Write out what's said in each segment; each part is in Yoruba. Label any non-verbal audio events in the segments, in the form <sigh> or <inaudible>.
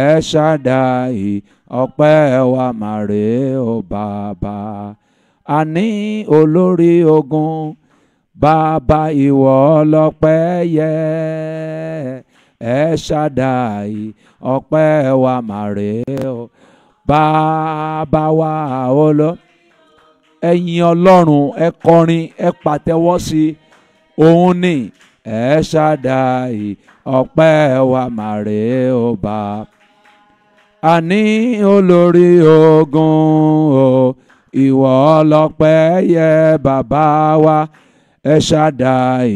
ẹ ṣàdáì ọpẹ́ wa màrè ó bàbá àní olórí ogun bàbá ìwọ ọlọ́pẹ́ yẹ ẹ ṣàdáì ọpẹ́ wa màrè ó bàbá wa ọlọ ẹyin Ọlọ́run ẹ kọrin ẹ pàtẹ́wọ́ sí òun ni ẹ ṣàdáì ọpẹ́ wa màrè ọba. àní olórí ogun o ìwọ ọlọ́pẹ́ yẹ bàbá wa ẹ ṣàdáì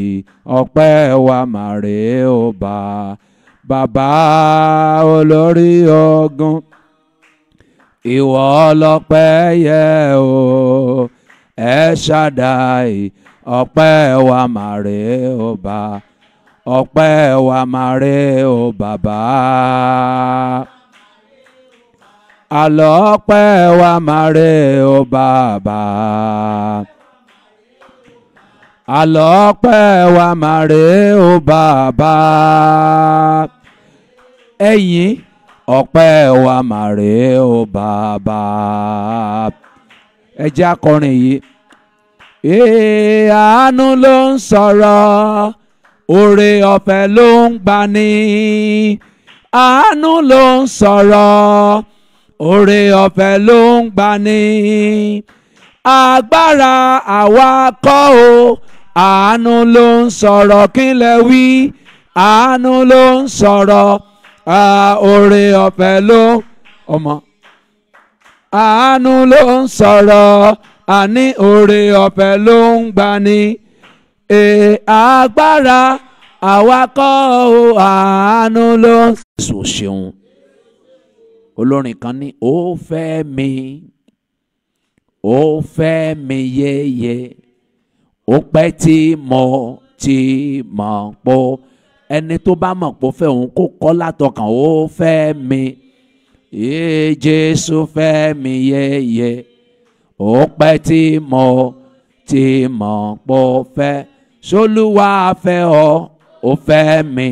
ọpẹ́ wa màrè ọba. bàbá olórí ogun ìwọ ọlọ́pẹ́ yẹ o ẹ ṣàdáì ọpẹ́ wa mà rèé o bá ọpẹ́ wa mà rèé o bàbá àlọ́ ọpẹ́ wa mà rèé o bàbá àlọ́ ọpẹ́ wa mà rèé o bàbá ẹ̀yìn ọpẹ́ wa mà rèé o bàbá ẹ jẹ́ akọrin yìí. Èè àánú ló ń sọ̀rọ̀ oore ọ̀fẹ́ ló ń gbani àánú ló ń sọ̀rọ̀ oore ọ̀fẹ́ ló ń gbani agbára àwa kọ́ o àánú ló ń sọ̀rọ̀ kí lẹ wí àánú ló ń sọ̀rọ̀ oore ọ̀fẹ́ ló ọmọ àánú ló ń sọ̀rọ̀ àní oore ọ̀fẹ́ ló ń gbani e, agbára àwakọ̀ àánú ló. Jésù ṣeun olórin kan ní ó fẹ́ mi ó fẹ́ mi yéye ó pẹ́ tí mo ti mọ̀ pọ̀ ẹni tó bá mọ̀ pọ̀ fẹ́ òun kó kọ́ látọkàn ó fẹ́ mi yéé Jésù fẹ́ mi yéye. Yeah, yeah ó pẹ́ tí mo ti mọ̀ pò fẹ́ ṣolúwa fẹ́ ọ ó fẹ́ mi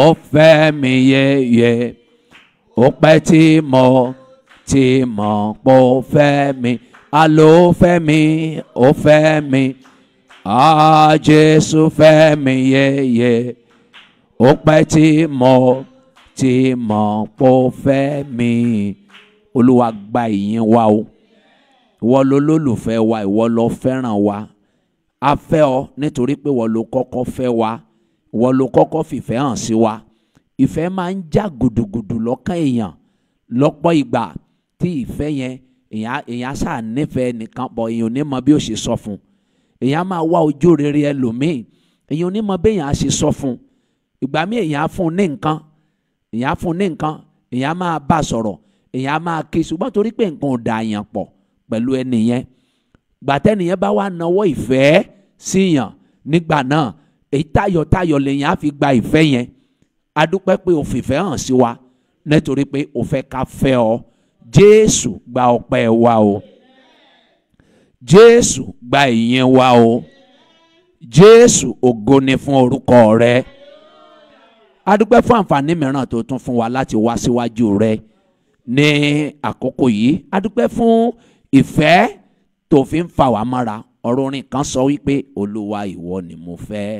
ó fẹ́ mi yẹyẹ ó pẹ́ tí mo ti mọ̀ pò fẹ́ mi alo fẹ́ mi ó fẹ́ mi a Jésù fẹ́ mi yẹyẹ ó pẹ́ tí mo ti mọ̀ pò fẹ́ mi olúwa gba ìyìn wa o ìwọ ló lólùfẹ́ wa ìwọ ló fẹ́ràn wa a fẹ́ ọ nítorí pé ìwọ ló kọ́kọ́ fẹ́ wa ìwọ ló kọ́kọ́ fìfẹ́ hàn sí wa ìfẹ́ máa ń já gùdùgùdù lọ́kàn èèyàn lọ́pọ̀ ìgbà tí ìfẹ́ yẹn èèyàn èèyàn sáà nífẹ̀ẹ́ nìkan bọ̀ èèyàn ò ní mọ bí ó ṣe sọ fún èèyàn máa wá ojú rere ẹlòmíì èèyàn ò ní mọ bí èèyàn á ṣe sọ fún ìgbà míì èèyàn á fún ní nǹkan èèyàn á fún ní nǹkan èèyàn á máa bá sọ̀rọ̀ èèyàn á máa ké ṣùgbọ́n torí pé nǹkan ò dà yàn pọ̀ pẹ̀lú ẹnìyẹn gbàtẹ́nìyẹn bá wà nawọ́ ìfẹ́ síyàn nígbà náà èyí tayọ̀tayọ̀ lèyàn á fi gba ìfẹ́ yẹn adúpẹ́ pé o fìfẹ́ hàn sí wa nítorí pé o fẹ́ ká fẹ́ ọ Jésù gba ọpẹ́ wa o Jésù gba ìyìn wa o Jésù ògo ni fún orúkọ rẹ adúpẹ́ fún àǹfààní mìíràn tó tún fún wa láti wá síwájú rẹ. Si ní àkókò yìí a dúpẹ́ fún ìfẹ́ tó fi ń fà wá mọ́ra ọ̀rọ̀ kan sọ wípé olúwa ìwọ ni mo fẹ́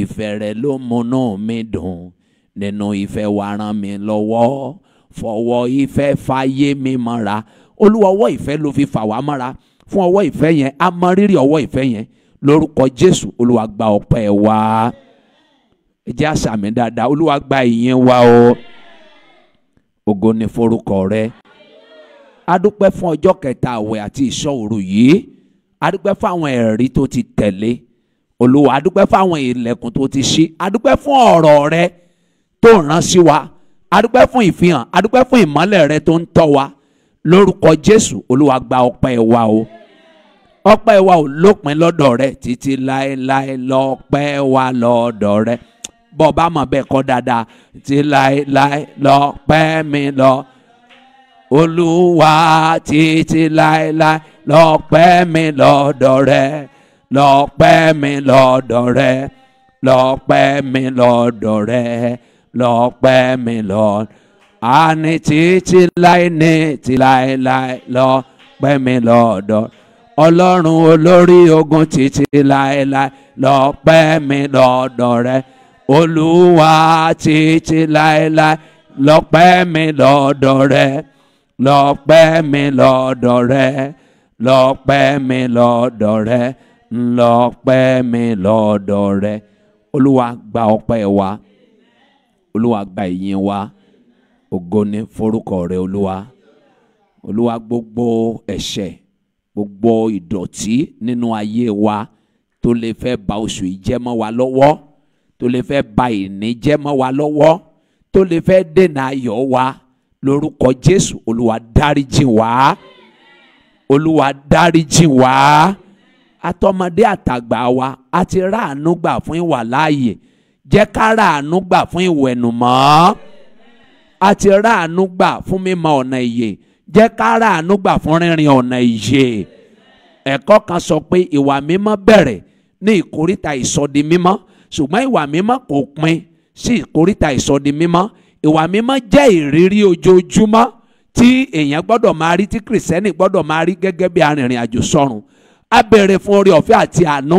ìfẹ́ rẹ ló múnú mi dùn nínú ìfẹ́ wa ràn mí lọ́wọ́ fọwọ́ ìfẹ́ fàyè mi mọ́ra olúwa ọwọ́ ìfẹ́ ló fi fà wá mọ́ra fún ọwọ́ ìfẹ́ yẹn a mọ rírì ọwọ́ ìfẹ́ yẹn lórúkọ jésù olúwa gba ọpẹ́ wa ẹ jẹ́ àṣàmì dáadáa olúwa gba ìyìn wa o. Oh. Ogo ni forúkọ rẹ adúpẹ́ fún ọjọ́ kẹta àwẹ̀ àti ìṣọ́ òru yìí adúpẹ́ fún àwọn ẹ̀rí tó ti tẹ̀lé olúwa adúpẹ́ fún àwọn ilẹ̀kùn tó ti ṣí adúpẹ́ fún ọ̀rọ̀ rẹ tó rán sí wa adúpẹ́ fún ìfihàn adúpẹ́ fún ìmọ́lẹ̀ rẹ tó ń tọ́ wa lórúkọ jésù olúwa gba ọpẹ́ wa o ọpẹ́ wa ò lópin lọ́dọ̀ rẹ títí láéláé lọ́pẹ́ wa lọ́dọ̀ rẹ bọ́ bá mọ̀ bẹ́ẹ̀ kọ́ dáadáa ti láéláé lọ pẹ́ mi lọ olúwa títí láéláé lọ pẹ́ mi lọ́dọ̀ rẹ lọ pẹ́ mi lọ́dọ̀ rẹ lọ pẹ́ mi lọ́dọ̀ rẹ lọ pẹ́ mi lọ́dọ̀ àní títí láé ní ti láéláé lọ pẹ́ mi lọ́dọ̀ ọlọ́run olórí ogun títí láéláé lọ pẹ́ mi lọ́dọ̀ rẹ olúwa títí láéláé lọ́pẹ́ mi lọ́dọ̀ rẹ lọ́pẹ́ mi lọ́dọ̀ rẹ lọ́pẹ́ mi lọ́dọ̀ rẹ lọ́pẹ́ mi lọ́dọ̀ rẹ olúwa gba ọpẹ́ wa olúwa gba ìyìn wa ògo ni forúkọ rẹ olúwa olúwa gbogbo ẹ̀ṣẹ̀ gbogbo ìdọ̀tí nínú ayé wa tó lè fẹ́ ba oṣù yìí wa lọ́wọ́ tó lè fẹ́ ba ìníjẹ́ mọ́ wa lọ́wọ́ tó lè fẹ́ dènà ayọ̀ wa lórúkọ Jésù Olúwa dáríjì wá Olúwa dáríjì wá àtọmọdé àtàgbà wa a ti ráàánú gbà fún ìwà láàyè jẹ́ ká ráàánú gbà fún ìwẹ̀nùmọ́ a ti ráàánú gbà fún mímọ ọ̀nà ìyè jẹ́ ká ráàánú gbà fún rínrin ọ̀nà ìyè ẹ̀kọ́ kan sọ pé ìwà mímọ́ bẹ̀rẹ̀ ní ìkóríta ìsọdi mímọ́ ṣùgbọ́n ìwà mímọ́ kò pin sí ìkóríta ìsọdi mímọ́ ìwà mímọ́ jẹ́ ìrírí ojoojúmọ́ tí èèyàn gbọ́dọ̀ máa rí tí kìrìsẹ́nì gbọ́dọ̀ máa rí gẹ́gẹ́ bí arìnrìn àjò sọ́run a béèrè fún oore ọ̀fẹ́ àti àánú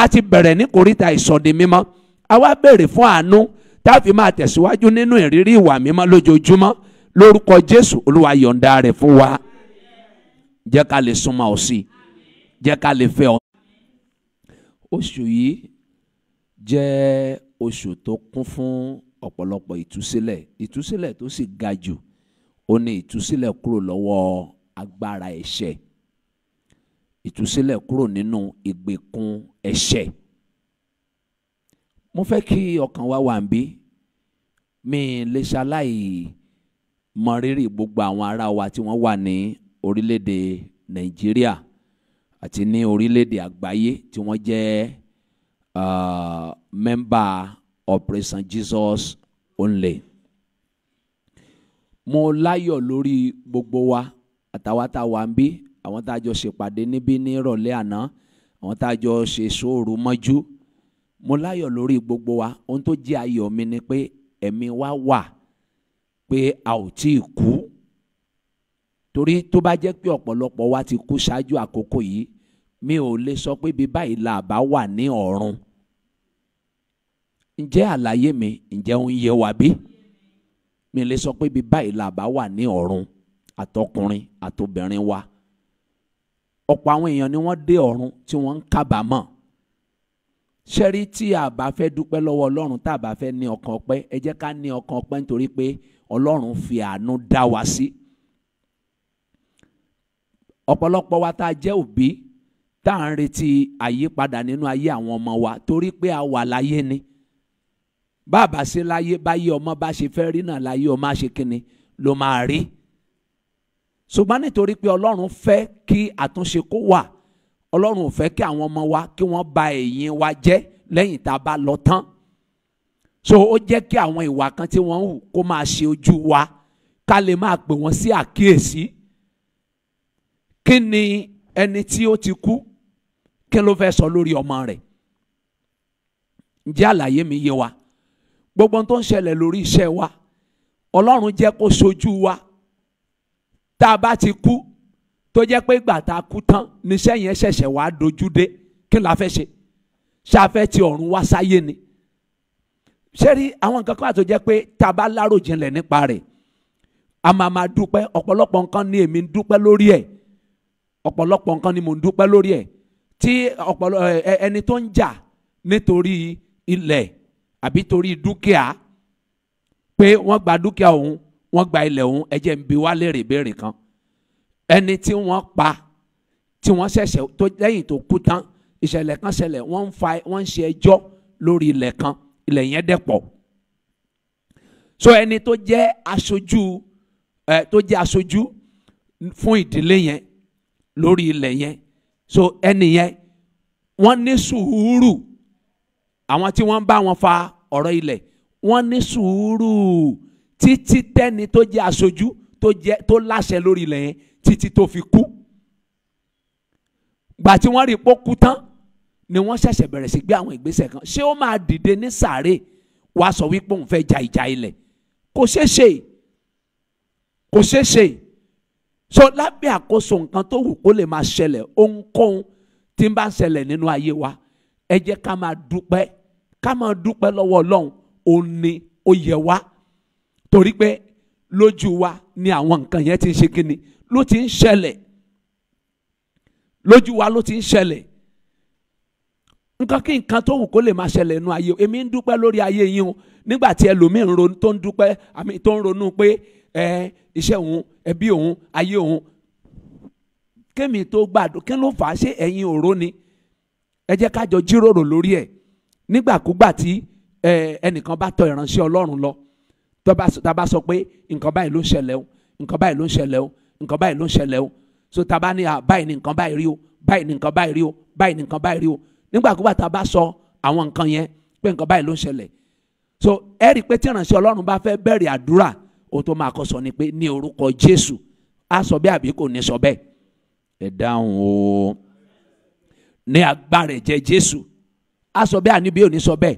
a ti bẹ̀rẹ̀ ní kòríta ìsọdi mímọ́ a wá béèrè fún àánú tá a fi máa tẹ̀síwájú nínú ìrírí ìwà mímọ́ lójoojúmọ́ lórúkọ Jésù Olúwa yọ̀ǹda rẹ̀ fún wa jẹ́ ká lè súnmọ́ ọ sí jẹ́ ká lè fẹ́ ọ. oṣù yìí jẹ́ oṣù tó kún fún ọ̀pọ̀lọpọ̀ ìtúsílẹ̀ ìtúsílẹ̀ tó sì ga jù ó ní ìtúsílẹ̀ kúrò lọ́wọ́ agbára ẹ̀ṣẹ̀ ìtúsílẹ̀ kúrò nínú ìgbèkùn ẹ̀ṣẹ̀ mo fẹ́ kí ọkàn wa wà bí mi lè ṣaláì mọ rírì gbogbo àwọn ará wa tí wọ́n wà ní orílẹ̀-èdè Nàìjíríà àti ní orílẹ̀-èdè àgbáyé tí wọ́n jẹ́ uh, member operation jesus only mo láyọ̀ lórí gbogbo wa àtàwa tá a wà ń bí àwọn tá a jọ ṣèpàdé níbí ní ìrọ̀lẹ́ àná àwọn tá a jọ ṣe sóòrù mọ́jú mo láyọ̀ lórí gbogbo wa ohun tó jẹ́ ayọ̀ mi ni pé ẹ̀mí wa wà pé a ò tí ì kú torí tó bá jẹ́ pé ọ̀pọ̀lọpọ̀ wa ti kú ṣáájú àkókò yìí mi ò lè sọ pé bí báyìí la bá wà ní ọ̀run ǹjẹ́ àlàyé mi ǹjẹ́ ń yé wa bí mi lè sọ pé bí báyìí la bá wà ní ọ̀run àtọkùnrin àtobìnrin wa ọ̀pọ̀ àwọn èèyàn ni wọ́n dé ọ̀run tí wọ́n ń kábàámọ̀ ṣẹ́rí tí a bá fẹ́ dúpẹ́ lọ́wọ́ ọlọ́run tá a bá fẹ́ ní ọkàn ọpẹ́ ẹ jẹ́ ká ní ọkàn ọpẹ́ nítorí pé ọlọ́run fi àánú dá wa sí ọ̀pọ̀lọpọ̀ wa tá a jẹ́ òbí tá à ń retí àyípadà nínú ayé àwọn ọmọ wa torí pé a wà láyé ni bàbá ṣe láyé báyé ọmọ bá ṣe fẹ́ rí náà láyé ọmọ ṣe kínni ló máa rí ṣùgbọ́n nítorí pé ọlọ́run fẹ́ kí àtúnṣe kó wà ọlọ́run ò fẹ́ kí àwọn ọmọ wa kí wọ́n ba ẹ̀yìn wa jẹ́ lẹ́yìn tá a bá lọ tán so ó jẹ́ kí àwọn ìwà kan tí wọ́n ń hù kó máa ṣe ojú wa ká lè máa pè wọ́n sí àkíyèsí kí ni ẹni tí ó ti kú kí ló fẹ́ sọ lórí ọmọ rẹ̀ ǹjẹ́ àlàyé mi yé wa gbogbo tó ń ṣẹlẹ̀ lórí iṣẹ́ wa ọlọ́run jẹ́ kó sojú wa tá a bá ti kú tó jẹ́ pé ìgbà tá a kú tán níṣẹ́ yẹn ṣẹ̀ṣẹ̀ wá dojú dé kí la fẹ́ ṣe ṣáfẹ́ ti ọ̀run wá sáyé ni ṣé rí àwọn nǹkan kan àti jẹ́ pé tá a bá láròjinlẹ̀ nípa rẹ̀ a máa máa dúpẹ́ ọ̀pọ̀lọpọ̀ nǹkan ni èmi ń dúpẹ́ lórí ẹ̀ ọ̀pọ̀lọpọ̀ nǹkan ni mò ń dúpẹ́ lórí ẹ̀ tí ọpọlọ ẹni tó ń jà nítorí ilẹ̀ àbí torí dúkìá pé wọ́n gba dúkìá òun wọ́n gba ilẹ̀ òun ẹjẹ́ ń bi wá léèrè béèrè kan ẹni tí wọ́n pa tí wọ́n ṣẹ̀ṣẹ̀ tó lẹ́yìn tó kú tán ìṣẹ̀lẹ̀ kan ṣẹlẹ̀ wọ́n ń fa wọ́n ń ṣe ẹjọ́ lórí ilẹ̀ kan ilẹ̀ yẹn dẹ̀ so ẹni tó jẹ́ aṣojú ẹ tó jẹ́ aṣojú fún ìdílé yẹn lórí ilẹ̀ yẹn so ẹnìyẹn wọ́n ní sùúrù àwọn tí wọ́n ń bá wọn fa ọ̀rọ̀ ilẹ̀ wọ́n ní sùúrù títí tẹ́ni tó jẹ́ aṣojú tó jẹ́ tó láṣẹ lórí ilẹ̀ yẹn títí tó fi kú gbà tí wọ́n rí i pé ó kú tán ni wọ́n ṣẹ̀ṣẹ̀ bẹ̀rẹ̀ sí gbé àwọn ìgbésẹ̀ kan ṣé ó máa dìde ní sàárè wàá sọ wípé òun fẹ́ ja ìjà ilẹ̀ kò ṣeé ṣe kò ṣeé ṣe so lábẹ́ àkóso nǹkan tó wù kó lè máa ṣẹlẹ̀ ohunkóhun tí ń bá ṣẹlẹ̀ nínú ayé wa ẹ jẹ́ ká máa dúpẹ́ ká máa dúpẹ́ lọ́wọ́ ọlọ́run òun ni ó yẹ wá torí pé lójú wa ni àwọn nǹkan yẹn ti ń ṣe kíni ló ti ń ṣẹlẹ̀ lójú wa ló ti ń ṣẹlẹ̀ nǹkan kí nǹkan tó wù kó lè máa ṣẹlẹ̀ nínú ayé èmi ń dúpẹ́ lórí ayé yín o nígbà tí ẹlòmíín tó ń dúpẹ́ àmì tó ń ronú pé ẹ iṣẹ́ òun ẹbí òun ayé òun kémi tó gbàdúrà kí ló fà á ṣe ẹ̀yin òró ni ẹ jẹ́ ká jọ jíròrò lórí ẹ̀ nígbàkúgbà tí ẹnìkan bá tọ ìránṣẹ́ Ọlọ́run lọ tá bá sọ pé nǹkan báyìí ló ń ṣẹlẹ̀ o nǹkan báyìí ló ń ṣẹlẹ̀ o nǹkan báyìí ló ń ṣẹlẹ̀ o so tá bá ní à báyìí ni nǹkan báyìí rí o báyìí ni nǹkan báyìí rí o báyìí ni nǹkan báyìí rí o nígbàkúgbà tá bá sọ àwọn nǹkan yẹn pé nǹkan báyìí ló ń ṣẹlẹ̀ so ẹ rí i pé tí ìránṣẹ́ Ọlọ́run bá fẹ́ bẹ̀rẹ̀ àdúrà ohun tó máa kọ́ sọ ni pé ní orúkọ Jésù á sọ bẹ́ẹ̀ àbí kò ní sọ bẹ́ẹ̀ ẹ dáhùn o ní agbára ẹ̀jẹ̀ Jésù á sọ bẹ́ẹ̀ àníbí ò ní sọ bẹ́ẹ̀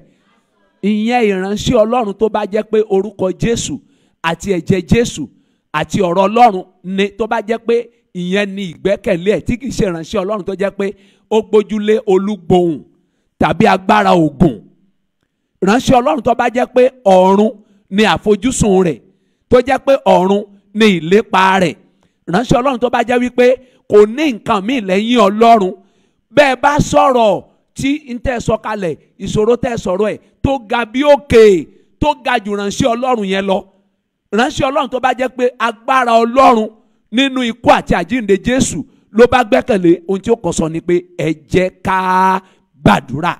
ìyẹn ìránṣẹ́ Ọlọ́run tó bá jẹ́ pé orúkọ Jésù àti ẹ̀jẹ̀ Jésù àti ọ̀rọ̀ Ọlọ́run ni tó bá jẹ́ pé ìyẹn ni ìgbẹ́kẹ̀lé ẹ̀ tí kì í ṣe ìránṣẹ́ Ọlọ́run tó jẹ́ pé ó gbójúlé olúgbohùn tàbí agbára ògùn ìránṣẹ́ Ọlọ́run tó bá jẹ́ pé ọ̀run ni àfojúsùn rẹ̀ tó jẹ́ pé ọ̀run ni ìlépa rẹ̀ ránṣẹ́ ọlọ́run tó bá jẹ́ wípé kò ní nǹkan míì lẹ́yìn ọlọ́run bẹ́ẹ̀ bá sọ̀rọ̀ tí n tẹ́ sọ kalẹ̀ ìṣòro tẹ́ sọ̀rọ̀ ẹ̀ tó ga bí òkè tó ga jù ránṣẹ́ ọlọ́run yẹn lọ ránṣẹ́ ọlọ́run tó bá jẹ́ pé agbára ọlọ́run nínú ikú àti àjíǹde jésù ló bá gbẹ́kẹ̀lé ohun tí ó kàn sọ ni pé ẹ jẹ́ ká gbàdúrà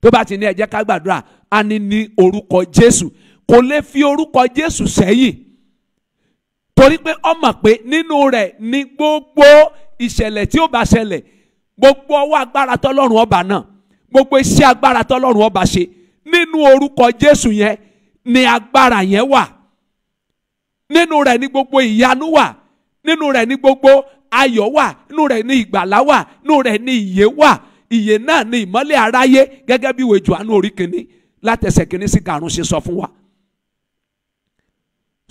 tó bá ti ní ẹ jẹ́ ká gbàdúrà á ní ní orúkọ jésù kò lè fi orúkọ Jésù sẹ́yìn torí pé ó mọ̀ pé nínú rẹ̀ ni gbogbo ìṣẹ̀lẹ̀ tí ó bá ṣẹlẹ̀ gbogbo ọwọ́ agbára tọ́lọ́run ọba náà gbogbo iṣẹ́ agbára tọ́lọ́run ọba ṣe nínú orúkọ Jésù yẹn ni agbára yẹn wà nínú rẹ̀ ni gbogbo ìyanu wà nínú rẹ̀ ni gbogbo ayọ̀ wà nínú rẹ̀ ni ìgbàlá wà nínú rẹ̀ ni ìyè wà ìyè náà ni ìmọ́lẹ̀ aráyé gẹ́gẹ́ bí ìwé Jòhánù orí kìíní látẹsẹ̀ kìíní sí karùn-ún ṣe sọ fún wa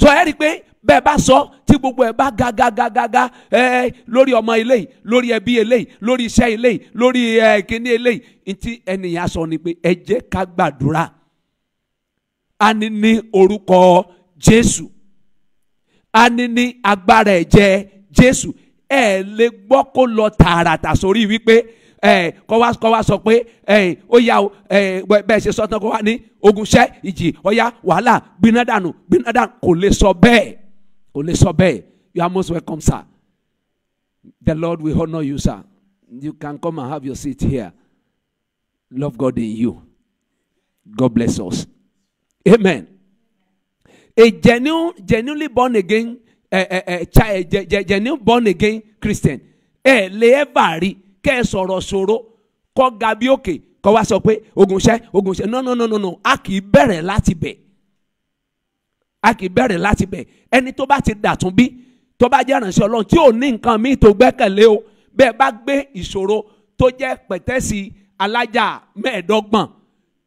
so ẹ rí i pé bẹ́ẹ̀ bá sọ tí gbogbo ẹ̀ bá ga ga ga ga ga ẹ lórí ọmọ eléyìí lórí ẹbí eléyìí lórí iṣẹ́ eléyìí lórí ẹ kíní eléyìí ntí ẹnìyàn sọ ni pé ẹ jẹ́ ká gbàdúrà a ní ní orúkọ Jésù a ní ní agbára ẹ̀jẹ̀ Jésù ẹ lè gbọ́ kó lọ tààràtà sórí wípé kọ́ wá kọ́ wá sọ pé ó yá o bẹ́ẹ̀ ṣe sọ tán wá ní ogunṣẹ́ ìjì ọ̀yá wàhálà gbiná dànù gbiná dànù kò lè sọ bẹ́ẹ̀ kò lè sọ bẹ́ẹ̀ you are most welcome sir the lord will honour you sir you can come and have your seat here love god in you god bless us amen a genuine genuinely born again a, a, a child a genuine born again christian Eh, lè kẹ́ ẹ sọ̀rọ̀ ṣòro kọ́ ga bí òkè kọ́ wá sọ pé ogunṣẹ́ ogunṣẹ́ no no no no no a kì í bẹ̀rẹ̀ láti bẹ̀ a kì í bẹ̀rẹ̀ láti bẹ̀ ẹni tó bá ti dàtún bí tó bá jẹ́ ìrànṣẹ́ ọlọ́run tí ò ní nǹkan míì tó gbẹ́kẹ̀lé o bẹ́ẹ̀ bá gbé ìṣòro tó jẹ́ pẹ̀tẹ́sì alájà mẹ́ẹ̀ẹ́dọ́gbọ̀n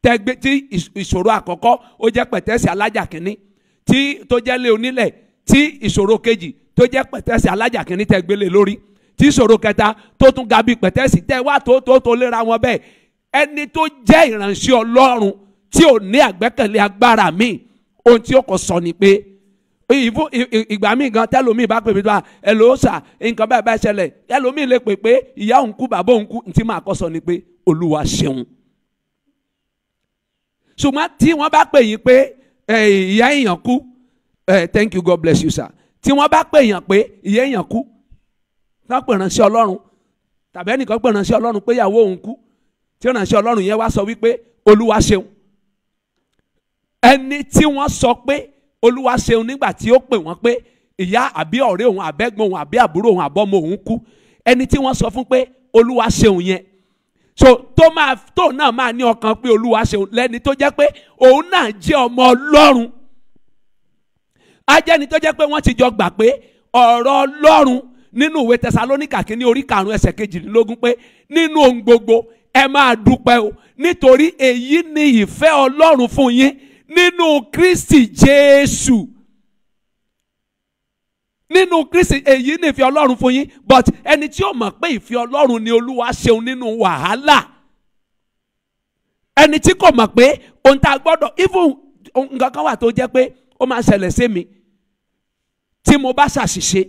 tẹ́gbẹ́ tí ìṣòro àkọ́kọ́ ó jẹ́ pẹ̀tẹ́sì alájà kínní tí tó jẹ́ lé onílẹ̀ tí ìṣòro kejì tó jẹ́ pẹ̀tẹ́sì alájà kínní tẹ́gbélé lórí tí ìṣòro kẹta tó tún ga bíi pẹ̀tẹ́sì tẹ́ wá tó tó tó léra wọn bẹ́ẹ̀ ẹni tó jẹ́ ìránṣẹ́ ọlọ́run tí ò ní àgbẹ́kẹ̀lé agbára mi ohun tí ó kọ sọ ni pé ìgbà míì gan tẹlomi bá pè mí tó a ẹlò sà nǹkan báyìí báyìí ṣẹlẹ̀ ẹlòmíì lè pè pé ìyá òun kú bàbá òun kú ntí máa kọ sọ ni pé olúwa ṣeun ṣùgbọ́n tí wọ́n bá pè yín pé ìyá èèyàn kú thank you God bless you sir tí wọ́n bá pè yàn pé ìyá èèyàn kú lápẹ̀ ránṣẹ́ ọlọ́run tàbí ẹnìkan pẹ̀ ránṣẹ́ ọlọ́run pé ìyàwó òun kú tí ránṣẹ́ ọlọ́run yẹn wá sọ wípé olúwa ṣeun ẹni tí wọ́n sọ pé olúwa ṣeun nígbà tí ó pè wọ́n pé ìyá àbí ọ̀rẹ́ òun àbẹ́gbọ́n òun àbí àbúrò òun àbọ́mọ òun kú ẹni tí wọ́n sọ fún pé olúwa ṣeun yẹn so tó máa tó náà máa ní ọkàn pé olúwa ṣeun lẹ́ni tó jẹ́ pé òun náà jẹ́ ọmọ ọlọ́run ajẹ́ni tó jẹ́ pé wọ́n ti jọ gbà pé ọ̀rọ̀ ọlọ́run nínú ìwé tẹsalónìkà kínní orí karùn-ún ẹsẹ̀ kejìdínlógún pé nínú ohun gbogbo ẹ máa dúpẹ́ o nítorí èyí ni ìfẹ́ ọlọ́run fún yín nínú kristi jésù nínú kristi èyí ni ìfẹ́ ọlọ́run fún yín but ẹni tí ó mọ̀ pé ìfẹ́ ọlọ́run ni olúwa ṣeun nínú wàhálà ẹni tí kò mọ̀ pé ohun tá a gbọ́dọ̀ even nǹkan kan wà tó jẹ́ pé ó máa ṣẹlẹ̀ sí mi tí mo bá ṣàṣìṣe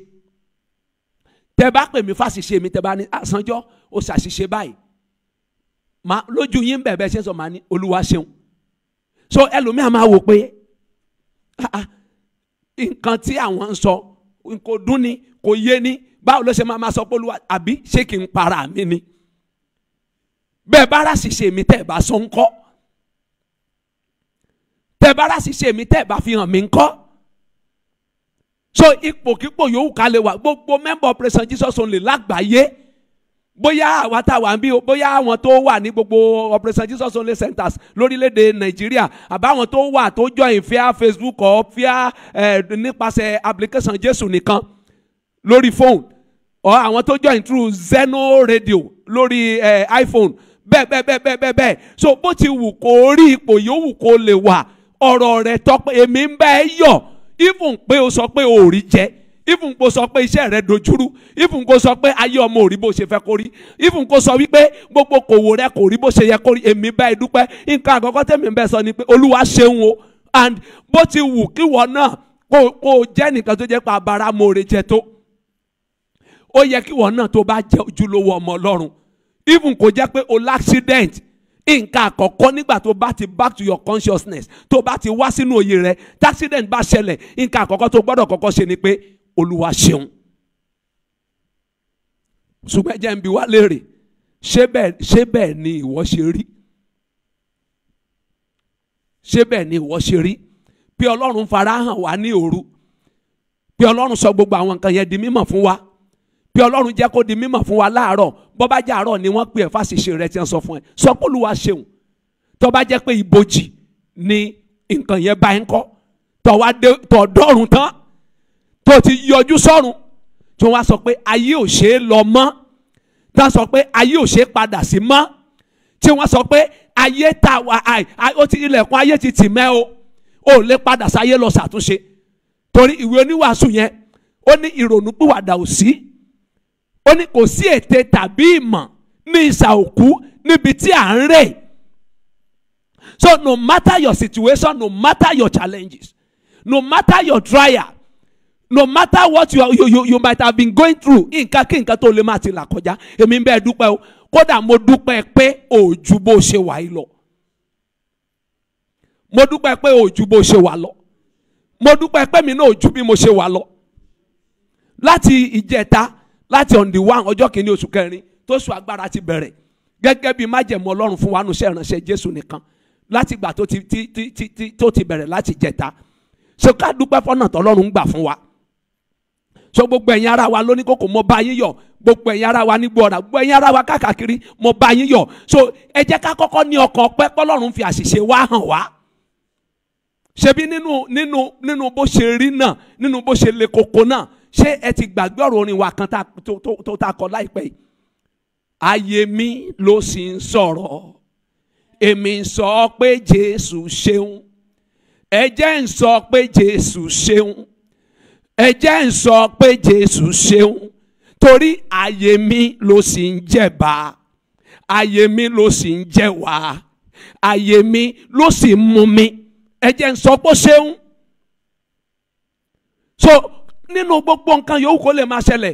tẹ bá pè mí fàṣìṣe mi tẹ bá ní àsánjọ́ ah, ó ṣàṣìṣe báyìí màá lójú yín bẹ̀bẹ̀ ṣe sọ màá ní olúwa ṣeun so ẹlòmíà máa wò pé ah, ah, nǹkan tí àwọn ń sọ kò dún ni kò yé ni báwo ló ṣe máa máa sọ pé olúwa àbí ṣé kí n para mi ni bẹ́ẹ̀ bá ràṣìṣe mi tẹ̀ bá sọ ń kọ́ tẹ̀ bá ràṣìṣe mi tẹ̀ bá fi hàn mí ń kọ́ so ipòkípò yòówù ká lè wà gbogbo member of Praise Jesus Only lágbàáyé bóyá àwa tá a wà ń bí bóyá àwọn tó wà ní gbogbo Operation Jesus Only centers lórílẹ̀‐èdè Nàìjíríà àbáwọn tó wà tó join fíà Facebook ọ̀ fíà ẹ̀ nípasẹ̀ application Jésù nìkan lórí phone ọ̀ àwọn tó join through Zeno radio lórí ẹ̀ eh, iPhone bẹ́ẹ̀ bẹ́ẹ̀ bẹ́ẹ̀ bẹ́ẹ̀ bẹ́ẹ̀ bẹ́ẹ̀ so bó ti wù kó rí ipò yòówù kó lè wà ọ̀rọ̀ rẹ̀ tọ́pẹ́ èmi ń bẹ́ẹ̀ yọ̀ even pé o sọ pé o ò jẹ even kó sọ pé iṣẹ́ rẹ dojúrú even kó sọ pé ayé ọmọ ò rí bó ṣe fẹ́ kó rí even kó sọ wípé gbogbo kòwò rẹ kò rí bó ṣe yẹ kó rí èmi bá ẹ dúpẹ́ nǹkan àkọ́kọ́ tèmi bẹ́ẹ̀ sọ ni pé olúwa ṣeun o and bó ti wù kíwọ náà kó kó jẹ́ nìkan tó jẹ́ pé abara mòore jẹ tó ó yẹ kíwọ náà tó bá jẹ ojúlówó ọmọ ọlọ́run even kó jẹ́ pé o l'accident nǹkan àkọ́kọ́ nígbà tó bá ti back to your consciousness tó bá ti wá sínú òye rẹ taccident bá ṣẹlẹ̀ nǹkan àkọ́kọ́ tó gbọ́dọ̀ kọ́kọ́ ṣe ni pé olúwa ṣeun ṣùgbọ́n ẹjẹ́ ń bi wá léèrè ṣé bẹ́ẹ̀ ni ìwọ ṣe rí ṣé bẹ́ẹ̀ ni ìwọ ṣe rí pé ọlọ́run farahàn wá ní òru pé ọlọ́run sọ gbogbo àwọn nǹkan yẹn di mímọ̀ fún wa pé ọlọ́run jẹ́ kó di mímọ̀ fún wa láàárọ̀ bó jẹ́ àárọ̀ ni wọ́n pè é fáṣiṣe rẹ ti ń sọ fún ẹ sọ pé olúwa ṣeun tó bá jẹ́ pé ibojì ni nǹkan yẹn bá ń kọ́ tó wá dé tó dọ́run tán tó ti yọjú sọ́run tí wọ́n á sọ pé ayé ò ṣe é lọ mọ́ tí sọ pé ayé ò ṣe é padà sí mọ́ tí wọ́n sọ pé ayé ta ó ti ilẹ̀kùn ayé ti tì mẹ́ o ò lè padà sáyé lọ ṣàtúnṣe torí ìwé oníwàásù yẹn ó ní ìrònúpìwàdà ò ó ní kò sí ète tàbí ìmọ̀ ní ìsà òkú níbi tí à ń rè so no matter your situation no matter your challenges no matter your trial no matter what you, are, you, you, you might have been going through nǹkan kí nǹkan tó lè máa ti là kọjá èmi ń bẹ́ẹ̀ dúpẹ́ o kódà mo dúpẹ́ pé òòjú bó ṣe wà yìí lọ mo dúpẹ́ pé òòjú bó ṣe wà lọ mo dúpẹ́ pé mi náà òòjú bí mo ṣe wà lọ láti ìjẹta láti on the one ọjọ́ kìíní oṣù kẹrin tó sùn agbára ti bẹ̀rẹ̀ gẹ́gẹ́ bí májẹ̀mú ọlọ́run fún wa nù sẹ́ ìránṣẹ́ jésù nìkan láti gbà tó ti ti ti ti tó ti bẹ̀rẹ̀ láti jẹta so ká dúpẹ́ fọ́nà tọ́lọ́run gbà fún wa so gbogbo ẹ̀yin ara wa lóní kókò mo bá yín yọ̀ gbogbo ẹ̀yin ara wa nígbò ọ̀dà gbogbo ẹ̀yin ara wa káàkiri mo bá yín yọ̀ so ẹ jẹ́ ká kọ́kọ́ ní ọkàn ọpẹ́ pọ́lọ́run fi àṣìṣe wa hàn wá ṣebí nínú nínú nínú bó ṣe rí náà nínú bó ṣe le koko náà ṣé ẹ ti gbàgbé ọ̀rọ̀ orin wa kan tó ta kọ láìpẹ́ yìí ayé mi ló sì ń sọ̀rọ̀ èmi ń sọ pé Jésù ṣeun ẹ̀jẹ̀ ń sọ pé Jésù ṣeun ẹ̀jẹ̀ ń sọ pé Jésù ṣeun torí ayé mi ló sì ń jẹ̀bá ayé mi ló sì ń jẹ̀wá ayé mi ló sì ń mú mi ẹ̀jẹ̀ ń sọ pé ṣeun so nínú gbogbo nǹkan yòówù kó lè máa ṣẹlẹ̀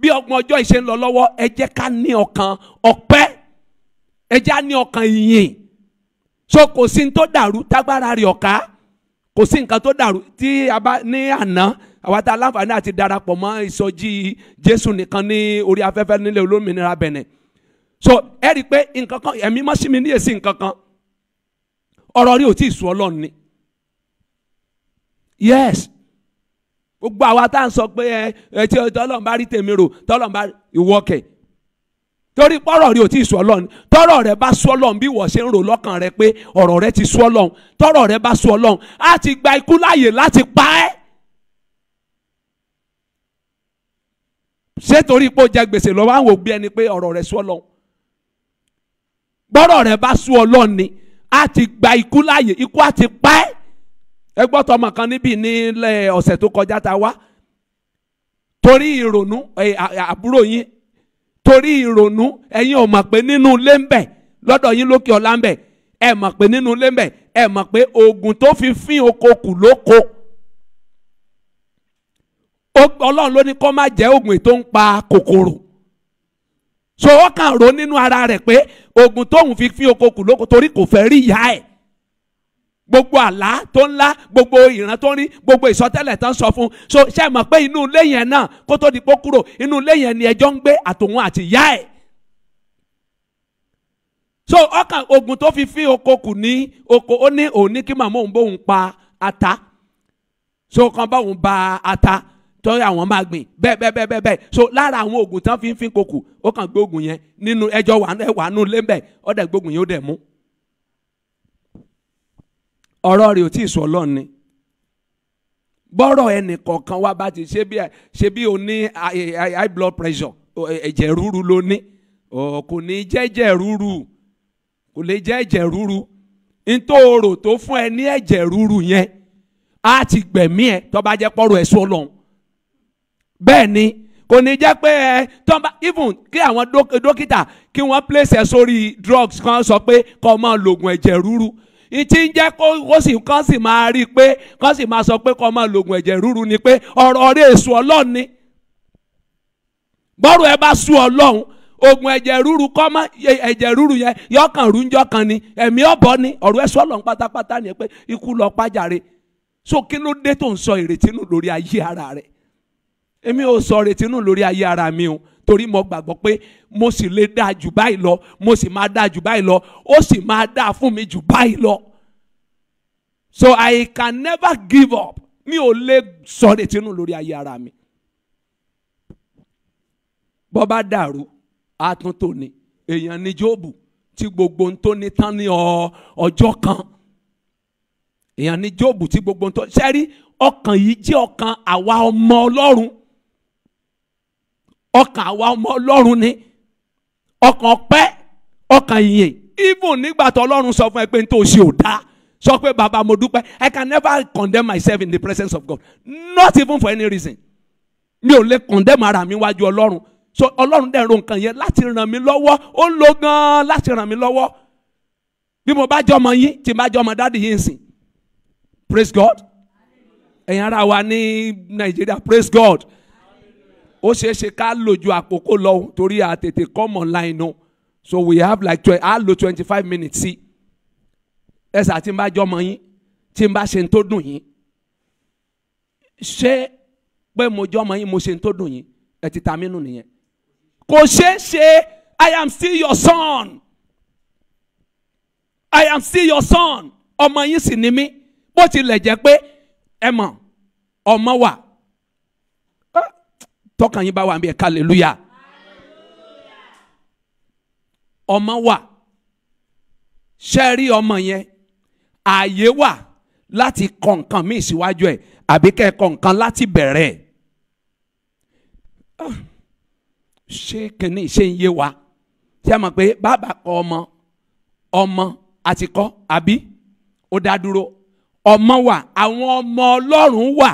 bí ọgbọ̀n ọjọ́ ìṣe ń lọ lọ́wọ́ ẹ jẹ́ ká ní ọkàn ọpẹ́ ẹ jẹ́ á ní ọkàn ìyìn so kò sí ní tó dàrú tágbára rẹ̀ ọ̀ká kò sí nǹkan tó dàrú tí a bá ní àná àwa tá a láǹfààní àti darapọ̀ mọ́ ìsọjí Jésù nìkan ní orí afẹ́fẹ́ nílẹ̀ olómìnira Bẹ̀nẹ̀ so ẹ rí i pé nǹkan kan ẹ̀mí mọ́ sí mi ní èsì nǹkan kan ọ̀rọ̀ rí ò tí ì yes gbogbo àwa tá à ń sọ pé ẹ ẹ tí Ọlọ́run bá rí tèmi rò tọ́lọ́run bá ìwọ kẹ̀ torí pọ́rọ̀ rẹ ò tí ì sọ Ọlọ́run tọ́rọ̀ rẹ bá sọ Ọlọ́run bí ìwọ ṣe ń rò lọ́kàn rẹ pé ọ̀rọ̀ rẹ ti sọ Ọlọ́run tọ́rọ̀ rẹ bá sọ Ọlọ́run á ti gba ikú láàyè láti pa ẹ́. ṣé torí pé jẹ gbèsè lọ́wọ́ àwọn òbí ẹni pé ọ̀rọ̀ rẹ sọ Ọlọ́run gbọ́rọ̀ rẹ bá sọ Ọlọ́run ni á ti gba ikú láàyè ikú á ti pa ẹ́. ẹ gbọ́tọ̀ ọmọ kan níbí nílẹ̀ ọ̀sẹ̀ tó kọjá ta wá torí ìrònú àbúrò yín torí ìrònú ẹ̀yin ò mọ̀ pé nínú ilé ń bẹ̀ lọ́dọ̀ yín lókè ọ̀la ń bẹ̀ ẹ mọ̀ pé nínú ilé ń bẹ̀ ẹ mọ̀ pé oògùn tó fi fín oko kù lóko ọlọ́run ló ní kó má jẹ́ oògùn tó ń pa kòkòrò so ó kàn nínú ara rẹ̀ pé oògùn tóun fi fín oko kù lóko torí kò fẹ́ rí ìyá ẹ̀ gbogbo àlá tó ńlá gbogbo ìran tó ń rí gbogbo ìsọtẹ́lẹ̀ tó ń sọ fún so ṣe mọ̀ pé inú ilé yẹn náà kó tó di pé kúrò inú ilé yẹn ni ẹjọ́ ń gbé àtòun àti ìyá ẹ̀ so ọkàn ogun tó fi fín oko kù ní oko ó ní òun ní kí màmá òun bóun pa ata so kan bóun ba ata tó àwọn máa gbìn bẹ́ẹ̀ bẹ́ẹ̀ bẹ́ẹ̀ bẹ́ẹ̀ so lára àwọn oògùn tán fi ń fin kokù ó kàn gbóògùn yẹn nínú ẹjọ́ wà nù lé bẹ́ẹ̀ ọ̀dẹ̀ gbóògùn yẹn ó dẹ̀ mú ọ̀rọ̀ rẹ̀ ò tí ì sọ ọlọ́run ni bọ́rọ̀ ẹnì kọ̀ọ̀kan wa bá ti ṣe bí ṣe bí o ní high blood pressure ẹ̀jẹ̀ ríru ló ní kò ní jẹ́jẹ̀ ríru kò lè jẹ́ ẹ̀jẹ̀ ríru ntòòrò tó fún ẹ ní ẹ̀jẹ̀ ríru yẹn á ti gbẹ̀mí ẹ tó bá jẹ́ pọ́rọ̀ ẹ̀ sọ lọ́hùn bẹ́ẹ̀ ni kò ní jẹ́ pé ẹ tọ́ba even kí àwọn dókítà kí wọ́n place ẹ sórí drugs kan sọ pé kọ́ máa lo ẹ̀jẹ̀ ríru ìtí ń jẹ́ kó sì kán sì máa rí i pé kán sì máa sọ pé kó máa lògùn ẹ̀jẹ̀ ríru ni pé ọ̀rọ̀ rẹ̀ èso ọlọ́run ni bọ́rọ̀ ẹ bá sú ọlọ́run oògùn ẹ̀jẹ̀ ríru kọ́ mọ́ ẹ̀jẹ̀ ríru yẹn yọkàn rúnjọ́ kan ni ẹ̀mí ọ̀bọ ni ọ̀rọ̀ ẹ sọ ọlọ́run pátápátá ni pé ikú lọ pàjáre so kí ló dé tó ń sọ ìrètí nù lórí ayé ara rẹ̀ èmi ò sọ ìrètí nù lórí ayé ara mi o torí mo gbàgbọ́ pé mo sì lè dáa jù báyìí lọ mo sì máa dáa jù báyìí lọ ó sì máa dáa fún mi jù báyìí lọ so I can never give up mi ò lè sọ̀rọ̀ ìtinú lórí ayé ara mi bọ́ bá dàrú àtúntò ni èèyàn ni Jóòbù tí gbogbo ohun tó ní tán ní ọjọ́ kan èèyàn ni Jóòbù tí gbogbo ohun tó ṣẹ́rí ọkàn yìí jẹ́ ọkàn àwa ọmọ Ọlọ́run ọkàn àwa ọmọ ọlọ́run ni ọkàn ọpẹ́ ọkàn ìyìn even nígbà tó ọlọ́run sọ fún ẹ pé n tó ṣe ò dáa sọ pé bàbá mo dúpẹ́ I can never condemn myself in the presence of God not even for any reason mi ò lè condemn ara mi wájú ọlọ́run so ọlọ́run dẹ̀ ro nǹkan yẹn láti ràn mí lọ́wọ́ ó ń lo gan-an láti ràn mí lọ́wọ́ bí mo bá jẹ́ ọmọ yín tí mo bá jẹ́ ọmọ dáàdì yín sìn praise God ẹ̀yin ara wa ní Nàìjíríà praise God ó ṣeé ṣe ká lò ju àkókò lọ torí a tètè come online nu so we have like twenty a lo twenty five minutes sí ẹsà tí n bá jọmọ yín tí n bá ṣe tó dùn yín ṣé pé mo jọmọ yín mo ṣe ń tó dùn yín ẹ ti ta mí nìyẹn kò ṣeé ṣe I am still your son I am still your son ọmọ yín sì ni mí bó tilẹ̀ jẹ́ pé ẹ mọ̀ ọmọ wà tọkàn yín bá wà ń bí ẹ hallelujah ọmọ wà ṣe rí ọmọ yẹn ààyè wà láti kọ nǹkan míì síwájú ẹ àbí kẹ́ ẹ kọ nǹkan láti bẹ̀rẹ̀ ah, ṣé kìnìún ṣe ń yé wa ṣé ẹ mọ̀ pé bàbá kọ ọmọ ọmọ àti kọ àbí ó dá dúró ọmọ wà àwọn ọmọ ọlọ́run wà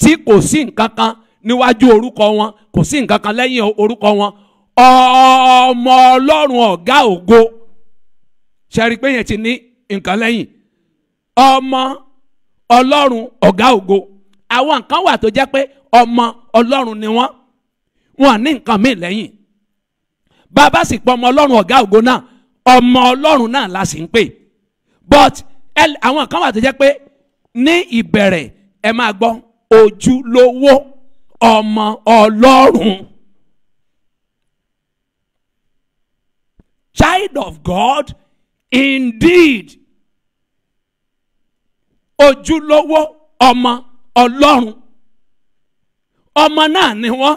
tí kò sí nǹkan kan. kan níwájú orúkọ wọn kò sí nǹkan kan lẹ́yìn orúkọ wọn ọmọ ọlọ́run ọ̀gá ògo ṣẹ́rí pé yẹn ti ní nǹkan lẹ́yìn ọmọ ọlọ́run ọ̀gá ògo àwọn nǹkan wà tó jẹ́ pé ọmọ ọlọ́run ni wọ́n wọn ní nǹkan míì lẹ́yìn bàbá sì pọ̀ ọmọ ọlọ́run ọ̀gá ògo náà ọmọ ọlọ́run náà la sì ń pè but àwọn kan wà tó jẹ́ pé ní ìbẹ̀rẹ̀ ẹ máa gbọ́ ojúlówó ọmọ ọlọ́run. Child of God indeed ojúlówó ọmọ ọlọ́run ọmọ náà ni wọ́n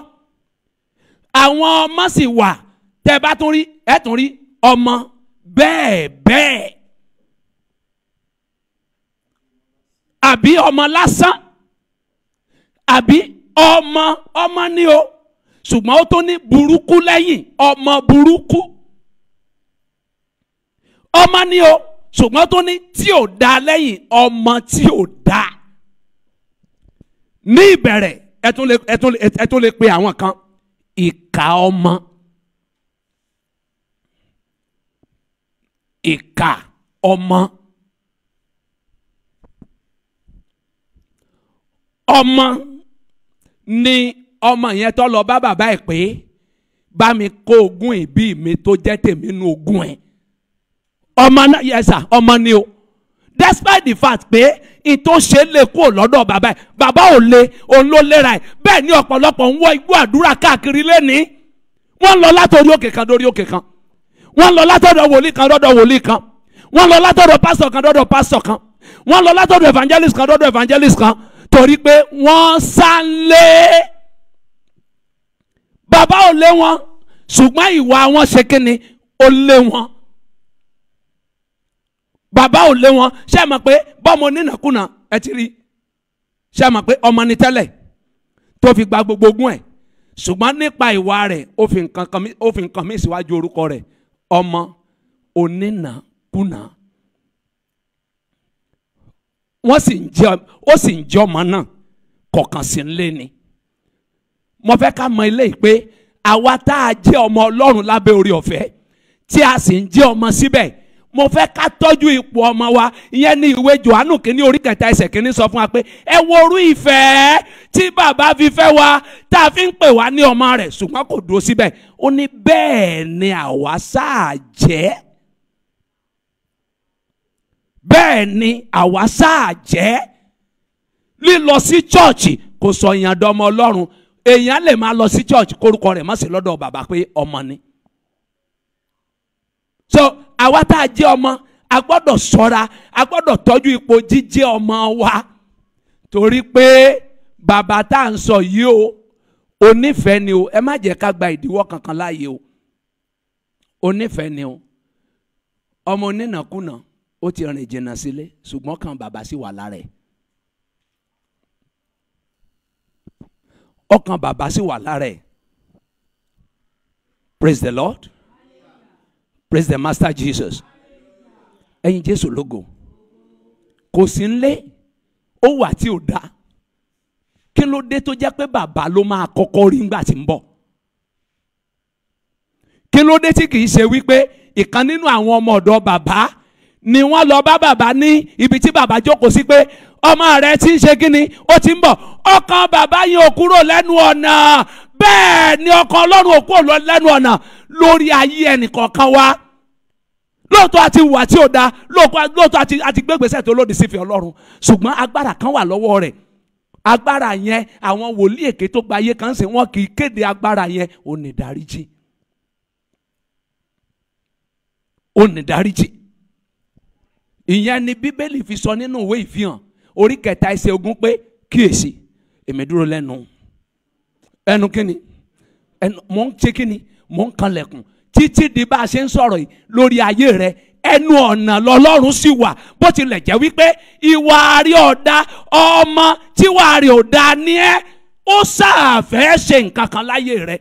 àwọn ọmọ sì wà tẹ́ bá tún rí ẹ tún rí ọmọ bẹ́ẹ̀ bẹ́ẹ̀ àbí ọmọ lásán àbí ọmọ ọmọ ni o ṣùgbọ́n ó tó ní burúkú lẹ́yìn ọmọ burúkú ọmọ ni o ṣùgbọ́n tó ní tí ò da lẹ́yìn ọmọ tí ò da ní ìbẹ̀rẹ̀ ẹ tún lè pe àwọn kan ìka ọmọ ìka ọmọ ọmọ ni ọmọ yẹn tó lọ bá bàbá ẹ̀ pé bá mi kó ogún ìbí mi tó jẹ́ tèmi nu ogún ẹ̀ ọmọ náà yes sir ọmọ ni o despite the fact pé n tó ṣe lè kúrò lọ́dọ̀ bàbá ẹ̀ bàbá ò lè òun ló lera ẹ̀ bẹ́ẹ̀ ni ọ̀pọ̀lọpọ̀ ń wọ igbó àdúrà káàkiri lẹ́ni wọ́n lọ látọ̀rí òkè kan dórí òkè kan wọ́n lọ látọ̀dọ̀ wòlíì kan dọ́dọ̀ wòlíì kan wọ́n lọ látọ̀dọ̀ pásítọ̀ kan dọ́dọ̀ pásítọ̀ kan wọ́n lọ látọ̀dọ̀ evangelist kan dọ́dọ̀ evangelist kan nítorí pé wọ́n sá lé bàbá ò lé wọn ṣùgbọ́n ìwà wọn ṣe kínni ó lé wọn bàbá ò lé wọn ṣé ẹ mọ̀ pé bọ́mọ onínàkúnà ẹ ti rí ṣé ẹ mọ̀ pé ọmọ ni tẹ́lẹ̀ tó fi gba gbogbo ogún ẹ̀ ṣùgbọ́n nípa ìwà rẹ̀ ó fi nǹkan kan síwájú orúkọ rẹ̀ ọmọ onínàkúnà wọ́n sì ń jẹ́ ó sì ń jẹ́ ọmọ náà kọ̀ọ̀kan sí nílé ni mo fẹ́ ká mọ ilé yìí pé àwa tá a jẹ́ ọmọ ọlọ́run lábẹ́ orí ọ̀fẹ́ tí a sì ń jẹ́ ọmọ síbẹ̀ mo fẹ́ ká tọ́jú ipò ọmọ wa ìyẹn ní ìwé johannu kínní orí kẹta ẹsẹ̀ kínní sọ fún wa pé ẹ worú ìfẹ́ tí bàbá fi fẹ́ wa tá a fi ń pè wá ní ọmọ rẹ̀ ṣùgbọ́n kò dúró síbẹ̀ ó ní bẹ́ẹ̀ ni àwa sáà jẹ́ bẹ́ẹ̀ ni àwa sáà jẹ́ lílọ sí chọ́ọ̀chì kò sọ èèyàn dọmọ ọlọ́run èèyàn lè máa lọ sí chọ́ọ̀chì kórúkọ rẹ̀ má sí lọ́dọ̀ bàbá pé ọmọ ni. so àwa tá a jẹ́ ọmọ a gbọ́dọ̀ ṣọ́ra a gbọ́dọ̀ tọ́jú ipò jíjẹ́ ọmọ wa torí pé bàbá tá à ń sọ yìí o onífẹ̀ẹ́ ni o ẹ má jẹ́ ká gba ìdíwọ́ kankan láàyè o onífẹ̀ẹ́ ni o ọmọ onínàkúnà ó ti rìn jìnnà sílé ṣùgbọ́n kan bàbá sì wà lára ẹ̀ ọkàn bàbá sì wà lára ẹ̀ praise the lord praise the master jesus ẹ̀yin jésù lógo kò sí nlé ó wà tí ò dá kí ló dé tó jẹ́ pé bàbá ló máa kọ́kọ́ rí ńgbà tí ń bọ̀ kí ló dé tí kì í ṣe wípé ìkan nínú àwọn ọmọ ọ̀dọ̀ bàbá ni wọ́n lọ bá bàbá ní ibi tí bàbá jókòó sí pé ọmọ rẹ ti ń ṣe kínni ó ti ń bọ̀ ọkàn bàbá yẹn ò kúrò lẹ́nu ọ̀nà bẹ́ẹ̀ ni ọkàn ọlọ́run ò lẹ́nu ọ̀nà lórí ayé ẹnìkọ̀ọ̀kan wa lóòótọ́ àti wà tí ò da lóòótọ́ àti àti gbégbèsè tó lòdì sí fi ọlọ́run ṣùgbọ́n agbára kan wà lọ́wọ́ rẹ̀ agbára yẹn àwọn wòlíì èké tó gba ayé kan sì wọn kì í kéde agbára yẹn onídàríjì onídàríjì ìyẹn ni bíbélì fi sọ nínú ìwé ìfihàn orí kẹta ẹsẹ̀ ogún pé kíyèsí èmi dúró lẹ́nu ẹnu kíni ẹnu mò ń ṣe kíni mò ń kanlẹ̀kùn títí di bá a ṣe ń sọ̀rọ̀ yìí lórí ayé rẹ ẹnu ọ̀nà lọ́lọ́run sì wà bó tilẹ̀ jẹ́ wípé ìwà àrí ọ̀dà ọmọ tíwà àrí ọ̀dà ni ẹ́ ó ṣàfẹ́ ṣe nǹkan kan láyé rẹ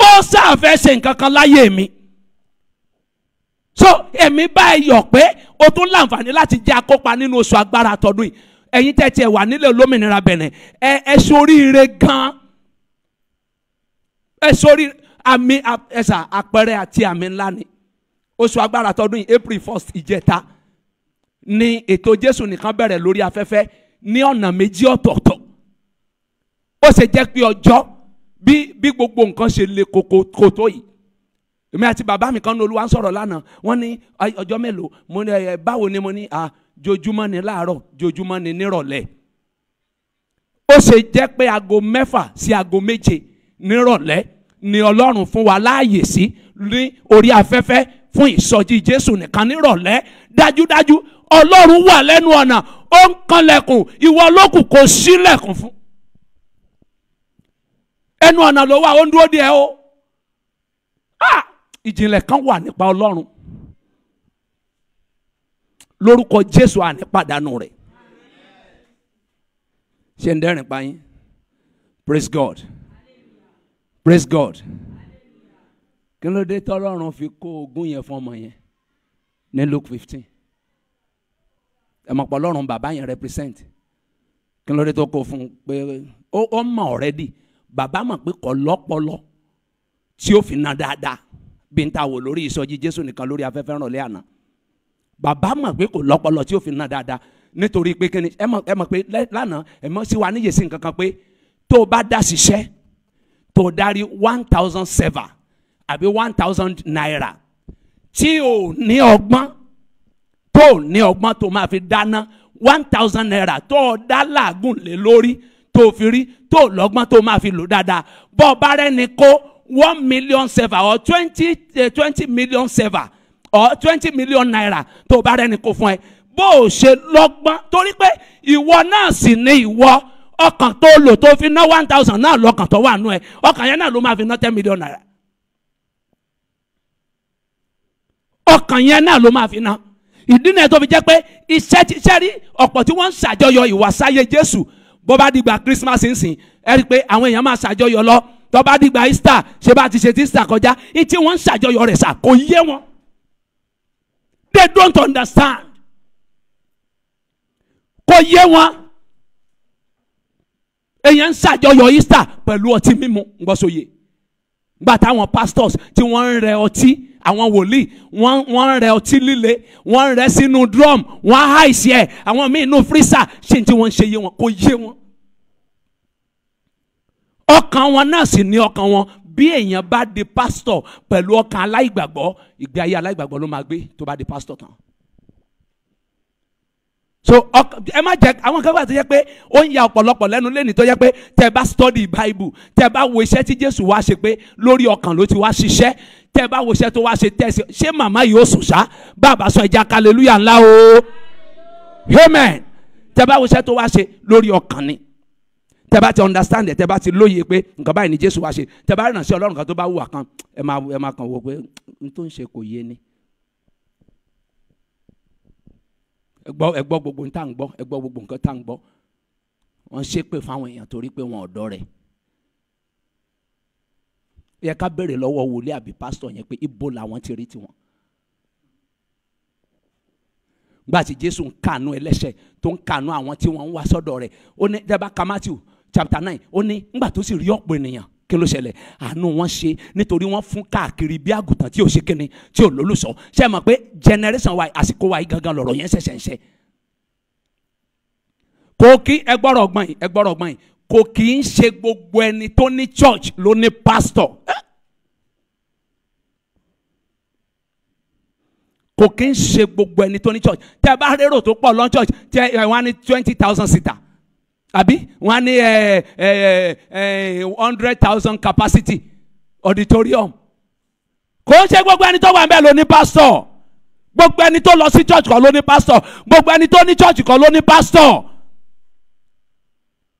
ó ṣàfẹ́ ṣe nǹkan kan láyé mi so èmi bá ẹ yọ̀ pé o tún láǹfààní láti jẹ́ akópa nínú oṣù agbára tọdún yìí ẹ̀yin tẹ́tí ẹ̀ wà nílẹ̀ olómìnira bẹ̀nẹ̀ ẹ ẹ soríire gan ẹ sorí àmì ẹ̀sà àpẹẹrẹ àti àmì ńlá ni oṣù agbára tọdún yìí April first ìjẹta ni ètò Jésù nìkan bẹ̀rẹ̀ lórí afẹ́fẹ́ ní ọ̀nà méjì ọ̀tọ̀ọ̀tọ̀ ó ṣe jẹ́ pé ọjọ́ bí bí gbogbo nǹkan ṣe le koko kò yìí èmi àti bàbá mi kan ní olúwa ń sọ̀rọ̀ lánàá wọ́n ní ọjọ́ mélòó mo ní ẹ eh, báwo ni mo ní à ah, jojúmọ́ ni láàárọ̀ jojúmọ́ ni nírọ̀lẹ́ ó ṣe jẹ́ pé aago mẹ́fà sí aago méje nírọ̀lẹ́ ni ọlọ́run fún wa láàyè sí ní orí afẹ́fẹ́ fún ìsọjí jésù nìkan nírọ̀lẹ́ dájúdájú ọlọ́run wà lẹ́nu ọ̀nà ó ń kanlẹ̀kùn ìwọ olókùn kò sílẹ̀kùn fún ẹnu ọ̀nà ló wà ó ń dúró díẹ̀ o. Ah! ìjìnlẹ̀ kan wà nípa ọlọ́run lórúkọ jésù ànípàdánù rẹ̀ ṣe ń dẹ́rìn pa yín praise god praise god kí ló dé tọ́lọ́run fi kó ogún yẹn fún ọmọ yẹn ní luke fifteen ẹ mọ̀ pé ọlọ́run bàbá yẹn represent kí ló dé tó kó fún un pé ó mọ̀ already bàbá mọ̀ pé kò lọ́pọlọ tí ó fi ná dáadáa bí n ta wò lórí ìsọjí jésù nìkan lórí afẹ́fẹ́ ràn lé àná bàbá mọ̀ pé kò lọ́pọlọ tí ó fi ná dáadáa nítorí pé kíni ẹ mọ̀ ẹ mọ̀ pé lánàá ẹ mọ̀ sí wa níyè sí nǹkan kan pé tó o bá dá ṣiṣẹ́ tó o darí one thousand seven àbí one thousand naira tí o ní ọgbọ́n tó o ní ọgbọ́n tó o máa fi dáná one thousand naira tó o dá làágùn lé lórí tó o fi rí tó o lọ́gbọ́n tó o máa fi lò dáadáa bọ́ bá rẹ́ni kó one million server or twenty eh, twenty million server or twenty million naira tó o bá rẹ́ni kó fún ẹ bó o ṣe lọ́gbọ́n torí pé ìwọ náà sì ni ìwọ ọkàn tó lò tó fi ná one thousand náà lọ́kàn tó wà nú ẹ ọkàn yẹn náà ló máa fi ná ten million naira ọkàn yẹn náà ló máa fi ná ìdí náà tó fi jẹ́ pé iṣẹ́ ti ṣẹ́ rí ọ̀pọ̀ tí wọ́n ń ṣàjọyọ̀ ìwàsáyé Jésù bó bá dìgbà Christmas ń sìn ẹ rí i pé àwọn èèyàn máa ṣàjọyọ̀ lọ tó bá dìgbà Easter ṣe bá ti ṣe ti Easter kọjá ní tí wọ́n ń ṣàjọyọ̀ rẹ̀ sà kò yé wọn they don't understand kò yé wọn èèyàn ń ṣàjọyọ̀ Easter pẹ̀lú ọtí mímu ngbọ́sọ̀yè gba táwọn pastors tí wọ́n ń rẹ ọtí àwọn wòlíì wọ́n wọ́n ń rẹ ọtí líle wọ́n ń rẹ sínú drum wọ́n á hàìsí ẹ̀ àwọn míì inú fírísà ṣé tí wọ́n ń ṣe yé wọn kò yé wọn ọkàn wọn náà sì ní ọkàn wọn bí èèyàn bá di pásítọ̀ pẹ̀lú ọkàn aláìgbàgbọ́ ìgbé ayé aláìgbàgbọ́ ló máa gbé tó bá di pásítọ̀ tán so ẹ má jẹ àwọn kan bá ti jẹ pé ó ń ya ọ̀pọ̀lọpọ̀ lẹ́nu lẹ́nu tó jẹ pé tẹ bá study bible tẹ bá wo iṣẹ́ tí jésù wá ṣe pé lórí ọkàn ló ti wá ṣiṣẹ́ tẹ bá wo iṣẹ́ tó wá ṣe tẹ̀sí ṣé màmá yìí ó sùn ṣá bàbá sọ ẹja hallelujah ńlá o amen tẹ bá wo iṣẹ́ tó wá ṣe lórí ọkàn ni tẹ́ bá ti understand ẹ̀ tẹ́ bá ti lóye pé nǹkan báyìí ni Jésù wá ṣe tẹ́ bá rìnà sí Ọlọ́run kan tó bá wùwà kan ẹ máa ẹ máa kàn wò pé n tó ń ṣe kò yé ni. ẹ gbọ́ ẹ gbọ́ gbogbo nǹkan tá ń gbọ́ ẹ gbọ́ gbogbo nǹkan tá ń gbọ́ wọ́n ṣépè fáwọn èèyàn torí pé wọn ò dọ́rẹ̀ yẹ ká béèrè lọ́wọ́ wòlíì àbí pásítọ̀ yẹn pé ibo làwọn ti rí tiwọn gbàtí Jésù ń kànú ẹlẹ́ṣẹ̀ tó ń kànú àwọn tí wọ́n ń wá sọ́dọ̀ rẹ̀ ó ní dẹ́ba kamátìw chapter nine ó ní ńgbà tó sì rí ọ̀pọ̀ ènìyàn kí ló ṣẹlẹ̀ àánú wọn ṣe nítorí wọn fún káàkiri bí àgùntàn tí ò ṣe kíni tí ò lólùsọ ṣe mọ̀ pé generation wa àsìkò wa yìí gangan lọ̀rọ̀ yẹn ṣẹ̀ṣẹ̀ ń ṣe. kò kí ẹgbọ́rọ̀ ọgbọ́n yìí ẹgbọ́rọ̀ ọgbọ́n yìí kò kì í ṣe gbogbo ẹni tó ní church ló ní pastor. kò kì í ṣe gbogbo ẹni tó ní church tẹ bá rérò tó pọ̀ lọ́n church tẹ ẹ̀ wá ní twenty thousand sita àbí wọ́n ní ẹ ẹ ẹ hundred thousand capacity auditorium kò ń ṣe gbogbo ẹni tó wà ńbẹ̀ ló ní pásítọ̀ gbogbo ẹni tó lọ sí church kan ló ní pásítọ̀ gbogbo ẹni tó ní church kan ló ní pásítọ̀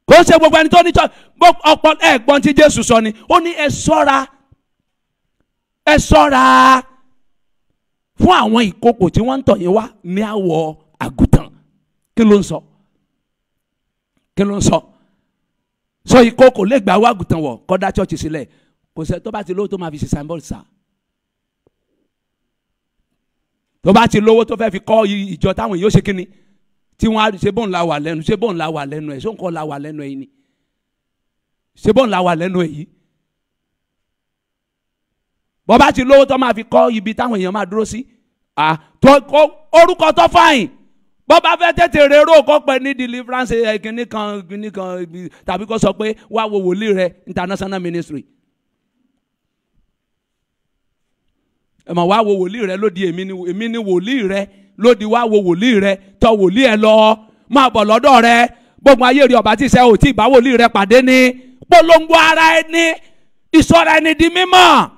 kò ń ṣe gbogbo ẹni tó ní church ọ̀pọ̀ ẹ̀gbọ́n tí Jésù sọ ni ó ní ẹ ṣọ́ra ẹ ṣọ́ra fún àwọn ìkòkò tí wọ́n ń tọ̀ wá ní àwọ̀ àgùntàn kí ló ń sọ. So? kí ló ń sọ sọ ìkókò lè gbà wá àgùntàn wọ kọ́ dá chọ́ọ̀chì sílẹ̀ kò sẹ́ tó bá ti lówó tó máa fi ṣe signboard sá tó bá ti lówó tó fẹ́ fi kọ́ ìjọ táwọn èèyàn ṣe kínni tí wọ́n á ṣe bóun la wà lẹ́nu ṣe bóun la wà lẹ́nu ẹ̀ ṣé nǹkan la wà lẹ́nu ẹ̀ ni ṣe bóun la wà lẹ́nu ẹ̀ yìí bọ́ bá ti lówó tó máa fi kọ́ ibi táwọn èèyàn máa dúró sí orúkọ tó fáyìn bó bá fẹ́ tètè rérò kó pẹ́ ní deliverance eh, kìnnì kan kìnnì kan tàbí kó sọ pé wá wo wòlíì rẹ international ministry ẹ mọ̀ wá wo wòlíì rẹ lódì èmi ni ni wòlíì rẹ lódì wá wo wòlíì rẹ tọ wòlíì ẹ lọ máa bọ̀ lọ́dọ̀ rẹ gbogbo ayé rí ọba tí ìṣe ò tí rẹ pàdé ni polongo ara ẹni ìsọra ẹni di mímọ́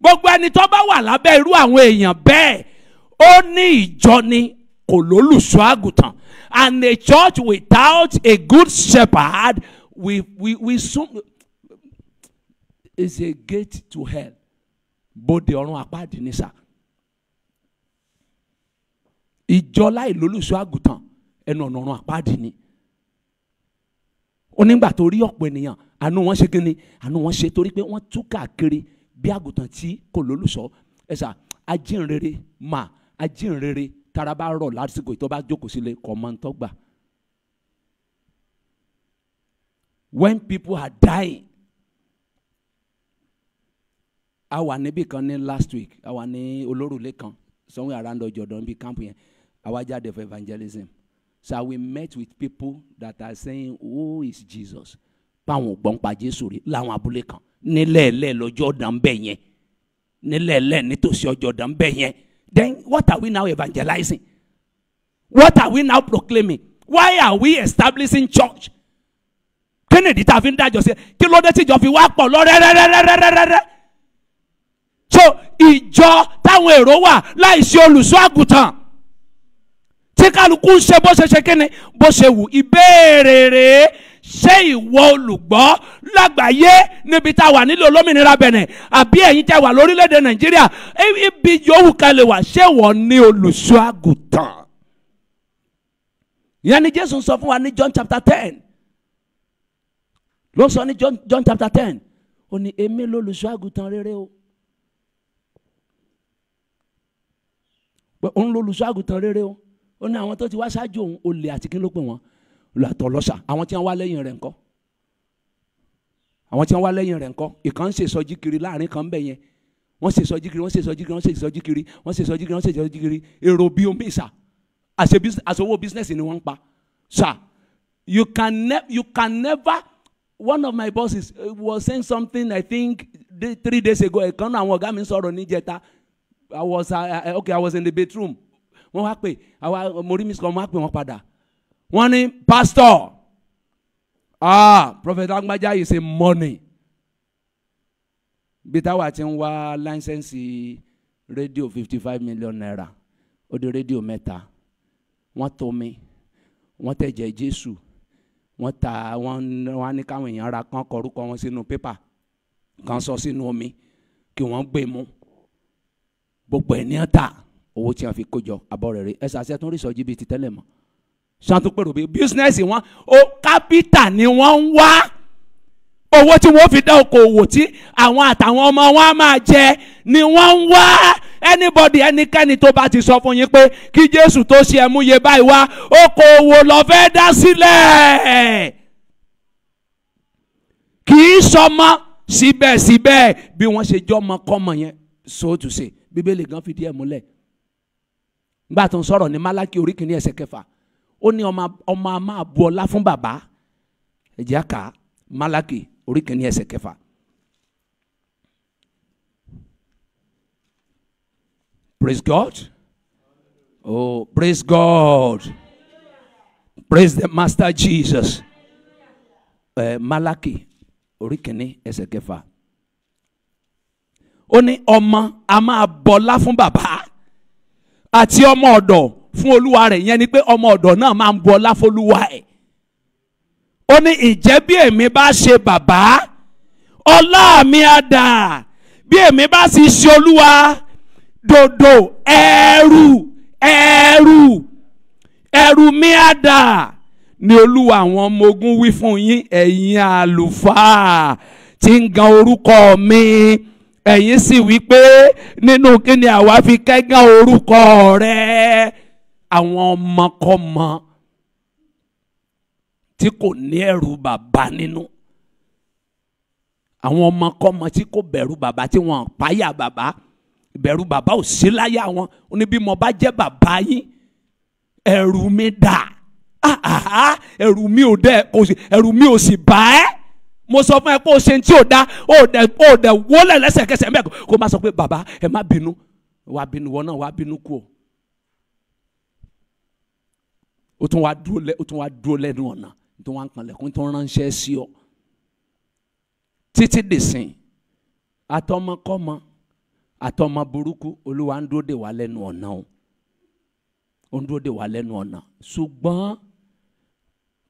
gbogbo ẹni tó bá wà lábẹ́ irú àwọn èèyàn bẹ́ẹ̀ ó ní ìjọ ni kò lólùṣọ́ àgùntàn and a church without a good shepherd we we we soon is a gate to hell bóde ọ̀run àpáàdì ní sà ìjọ láì lólùṣọ́ àgùntàn ẹnu ọ̀nà ọ̀run àpáàdì ni ó nígbà tó rí ọ̀pọ̀ ènìyàn àánú wọn ṣe kí ni àánú wọn ṣe torí pé wọ́n tú káàkiri bí àgùntàn tí kò lólùṣọ́ ẹ̀sà ajínrere máa ajínrere tara bá rọ̀ lásìkò tó bá jókòó sílẹ̀ kọ́ máa ń tọ́gbà. when people are dying a wà níbì kan ní last week a wà ní olórùlé kan somewhere around ọjọ́dọ̀ níbi camp yẹn a wá jáde for evangelism so we met with people that are saying who is Jesus báwọn gbọ́n pa Jésù rí láwọn abúlé kan nílẹ̀ ẹ̀lẹ́ lọ́jọ́ ọ̀dàn bẹ́ẹ̀ yẹn nílẹ̀ ẹ̀lẹ́ nítòsí ọjọ́ ọ̀dàn bẹ́ẹ̀ yẹn Then what are we now evangelizing? What are we now proclaiming? Why are we establishing church? Kí ni ìdí tá a fi ń dájọ́ sí? Kí ló dé tíjọ fi wá pọ̀ lọ rẹ́rẹ́rẹ́rẹ́rẹ́rẹ́? So ìjọ táwọn èrò wà láì ṣe olùṣọ́ àgùntàn tí kálukú ń ṣe bó ṣe ṣe kí ni bó ṣe wù ìbéèrè rèé ṣé ìwọ olùgbọ́ lágbàáyé níbi tá a wà nílò olómìnira bẹ̀nẹ̀ àbí ẹ̀yin tẹ́ wà lórílẹ̀‐èdè nàìjíríà ibi yòówù ká lè wà ṣé ìwọ ní olùṣọ́ àgùntàn. ìyẹn ni jésù sọ fún wa ní john chapter ten ló sọ ní john, john chapter ten ó ní èmi lolùṣọ́ àgùntàn rere o. òun lolùṣọ́ àgùntàn rere o ó ní àwọn tó ti wá ṣáájú òun olè àti kí ló pè wọ́n làtọ̀lọ́sà àwọn tí wọ́n wá lẹ́yìn rẹ̀ ńkọ́ àwọn tí wọ́n wá lẹ́yìn rẹ̀ ńkọ́ ìkan ń ṣèṣọ́jí kiri láàrin kan bẹ̀ yẹn wọ́n ṣèṣọ́jí kiri wọ́n ṣèṣọ́jí kiri wọ́n ṣèṣọ́jí kiri wọ́n ṣèṣọ́jí kiri wọ́n ṣèṣọ́jí kiri èrò bí omi sà àṣewó business ni wọ́n ń pa sà you can ne you can never one of my bosses uh, was saying something I think day, three days ago ìkan náà àwọn ọ̀gá mi sọ̀rọ̀ níjẹta I was uh, uh, okay I was in the bedroom wọ́n wá pé àwa mo rí miss call wọ́n wá pé wọ́n padà wọ́n ní pastor ah prophet Lagbaja is a money bí táwa ti ń wá láńsẹ́ǹsì rédíò fifty five million naira ó di radio mẹ́ta wọ́n tó mi wọ́n tẹ̀jẹ̀ Jésù wọ́n ta wọ́n wọ́n ní káwọn èèyàn ra kán kọrúkọ wọn sínú pépà kan sọ sínú omi kí wọ́n gbé mu gbogbo ẹ̀ ní ọ̀tà owó tí wọ́n fi kó jọ abọ́ rẹ̀ rí ẹ̀ sàṣẹ́ tó ń rí sọ́jí bíi ti tẹ́lẹ̀ mọ́ ṣàtúnpẹ̀rọ̀ bí bísínẹ́sì wọn ó kápítà ni wọ́n ń wá owó tí wọ́n fi dá okòwò tí àwọn àtàwọn ọmọ wọn á máa jẹ ni wọ́n ń wá anybody ẹnikẹ́ni tó bá ti sọ fún yín pé kí Jésù tó ṣe ẹmúye báyìí wá okòwò lọ fẹ́ dá sílẹ̀ kì í sọmọ síbẹ̀síbẹ̀ bí wọ́n ṣe jọmọ kọ́mọ yẹn so to say bíbélì gan fìdí ẹ̀ múlẹ̀ nígbà tó ń sọ̀rọ̀ ní Málákì orí kìíní ẹsẹ̀ kẹfà ó ní ọmọ ọmọ a máa bu ọlá fún bàbá ẹ̀jẹ̀ àká Málákì orí kìíní kẹfà. Praise God. Oh, praise God. Praise the Master Jesus. Uh, Málákì orí kìíní ẹsẹ̀ kẹfà. Ó ní ọmọ a máa bọlá fún bàbá àti ọmọ ọ̀dọ̀ fún olúwa rẹ̀ yẹn ni pé ọmọ ọ̀dọ̀ náà máa ń bu ọlá fọlúwa ẹ̀ ó ní ìjẹ́ bí èmi bá ṣe bàbá ọlá mi á dà bí èmi bá sì ṣe olúwa dòdò ẹrù ẹrù ẹrù mi á dà ni olúwa àwọn ọmọ ogun wí fún yín ẹ̀yin àlùfáà tí ń gan orúkọ mi ẹ̀yin sì wí pé nínú kí ni àwa fi kẹ́gàn orúkọ rẹ̀ àwọn ọmọkọ́mọ tí kò ní ẹ̀rù bàbá nínú àwọn ọmọkọ́mọ tí kò bẹ̀rù bàbá tí wọ́n páyà bàbá ìbẹ̀rù bàbá ò sí láyà wọn ó ní bí mo bá jẹ́ bàbá yín ẹ̀rù mi dà ah, ah, ah, ẹ̀rù mi ò dẹ ẹ̀rù mi ò sì bá ẹ́ mo sọ fún ẹ kó o ṣe tí ò dá ó dẹ ó dẹ wọlé lẹ́sẹ̀kẹsẹ̀ mẹ́kọ̀ọ́ kó o má sọ pé bàbá ẹ má bínú wàá bínú wọn náà wàá bínú kú o ó tún wá dúró lẹ ó tún wá dúró lẹ́nu ọ̀nà tó wá ń kanlẹ̀kùn tó ń ránṣẹ́ sí ọ títí dìsìn àtọmọkọ́mọ àtọmọ burúkú olúwa ń dúró dè wá lẹ́nu ọ̀nà o ó ń dúró dè wá lẹ́nu ọ̀nà ṣùgbọ́n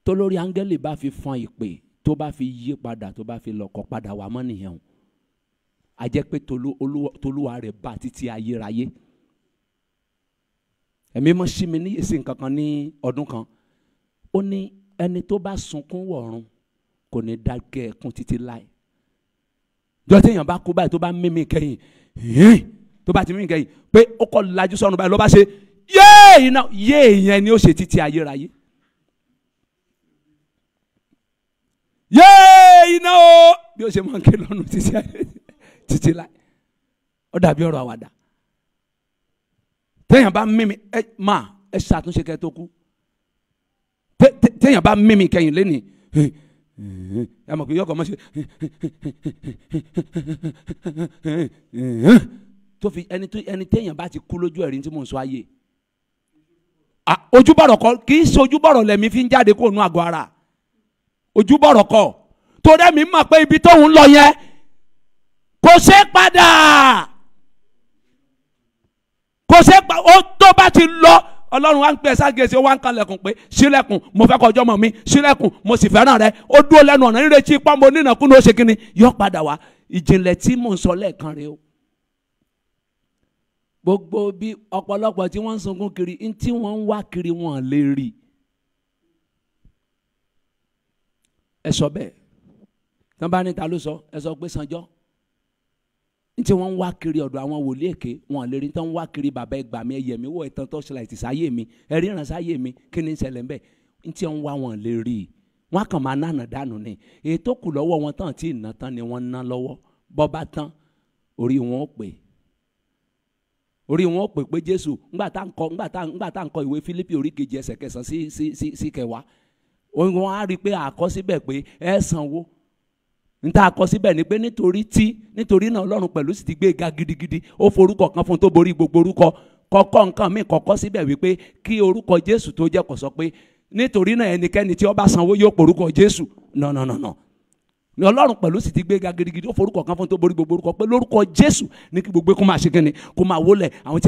tólórí áńgẹ́lì bá fi fọn ìpè tó bá fi yí padà tó bá fi lọ́kọ̀ padà wá mọ́ nìyẹn o a jẹ́ pé tolúwa rẹ̀ bá títí ayérayé ẹ̀mí mọ́ sí mi ní èsì nǹkan kan ní ọdún kan ó ní ẹni tó bá sunkún wọ̀ọ̀run kò ní dákẹ́ ẹkún títí láì jọ téèyàn bá kú báyìí tó bá mímì kẹyìn hìn tó bá ti mímì kẹyìn pé ó kọ lajú sọnù báyìí ló bá ṣe yéè iná yéè yẹn ni ó ṣe títí ayérayé yéè iná o bí ó ṣe máa ń ké lọ́nu títí láì ó dàbí ọ̀rọ̀ àwàdà téèyàn bá mímì ẹ máa ẹ ṣàtúnṣe kẹ́ tó kú téèyàn bá mímì kẹ́yìn lẹ́nì ẹ mọ̀ pé yọkọ̀ mọ̀ ṣe tó fi ẹni tó ẹni téèyàn bá ti kú lójú ẹ̀rí tí mò ń sọ ayé ojúbọ̀rọ̀ kọ́ kì í ṣe ojúbọ̀rọ̀ lẹ̀mí fi ń jáde kó nu àgọ́ ara ojúbọ̀rọ̀ kọ́ torí ẹ̀mí mọ̀ pé ibi tóun lọ yẹn kò ṣe é padà kò ṣe pa ó tó bá ti lọ ọlọ́run wa ń pẹ́ ságẹ́sì ó wá ń kalẹ̀kùn pé sílẹ̀kùn mo fẹ́ kọjọ́ mọ̀ mi sílẹ̀kùn mo sì fẹ́ràn rẹ ó dúró lẹ́nu ọ̀nà nírètí pọ́nbó nínàkúnú ó ṣe kínní yọ padà wá ìjìnlẹ̀ tí mò ń sọ lẹ́ẹ̀kan rèé o gbogbo bí ọ̀pọ̀lọpọ̀ tí wọ́n ń sunkún kiri ń tí wọ́n ń wá kiri wọn lè rí ẹ sọ bẹ́ẹ̀ tí wọ́n bá ní ta ló sọ ẹ sọ pé sanjọ́ ntí wọ́n ń wá kiri ọ̀dọ̀ àwọn wòlíì èké wọn lè rí tán wá kiri bàbá ẹgbà mi ẹyẹ mi wọ ìtàn torchlight sáyé mi ẹ̀rí ìràn sáyé mi kí ni ń ṣẹlẹ̀ ńbẹ̀ ntí wọ́n wá wọn lè rí i wọ́n kàn máa nànà dànù ni ètò kù lọ́wọ́ wọn tán tí ìnà tán ni wọ́n ń ná lọ́wọ́ bọ́bá tán orí wọn ò pè orí wọn ò pè pé Jésù ńgbà tá ń kọ tá ńgbà tá ń ìwé Fílípì orí kejì ẹsẹ̀ kẹsàn-án sí sí sí kẹwàá wọn á rí i pé àkọsíbẹ̀ pé ẹ sanwó nta kọ síbẹ̀ ni pé nítorí tí nítorí náà ọlọ́run pẹ̀lú sì ti gbé ga gidigidi ó forúkọ kan fún un tó borí gbogbo orúkọ kọ́kọ́ nǹkan míì kọ́kọ́ síbẹ̀ wípé kí orúkọ jésù tó jẹ́ kó sọ pé nítorí náà ẹnikẹ́ni tí ó bá sanwó yóò porúkọ jésù nọ̀nọ̀nọ̀nọ̀ ni ọlọ́run pẹ̀lú sì ti gbé ga gidigidi ó forúkọ kan fún tó borí gbogbo orúkọ pé lórúkọ jésù ní kí gbogbo kó máa ṣe kínni kó máa wólẹ̀ àwọn tí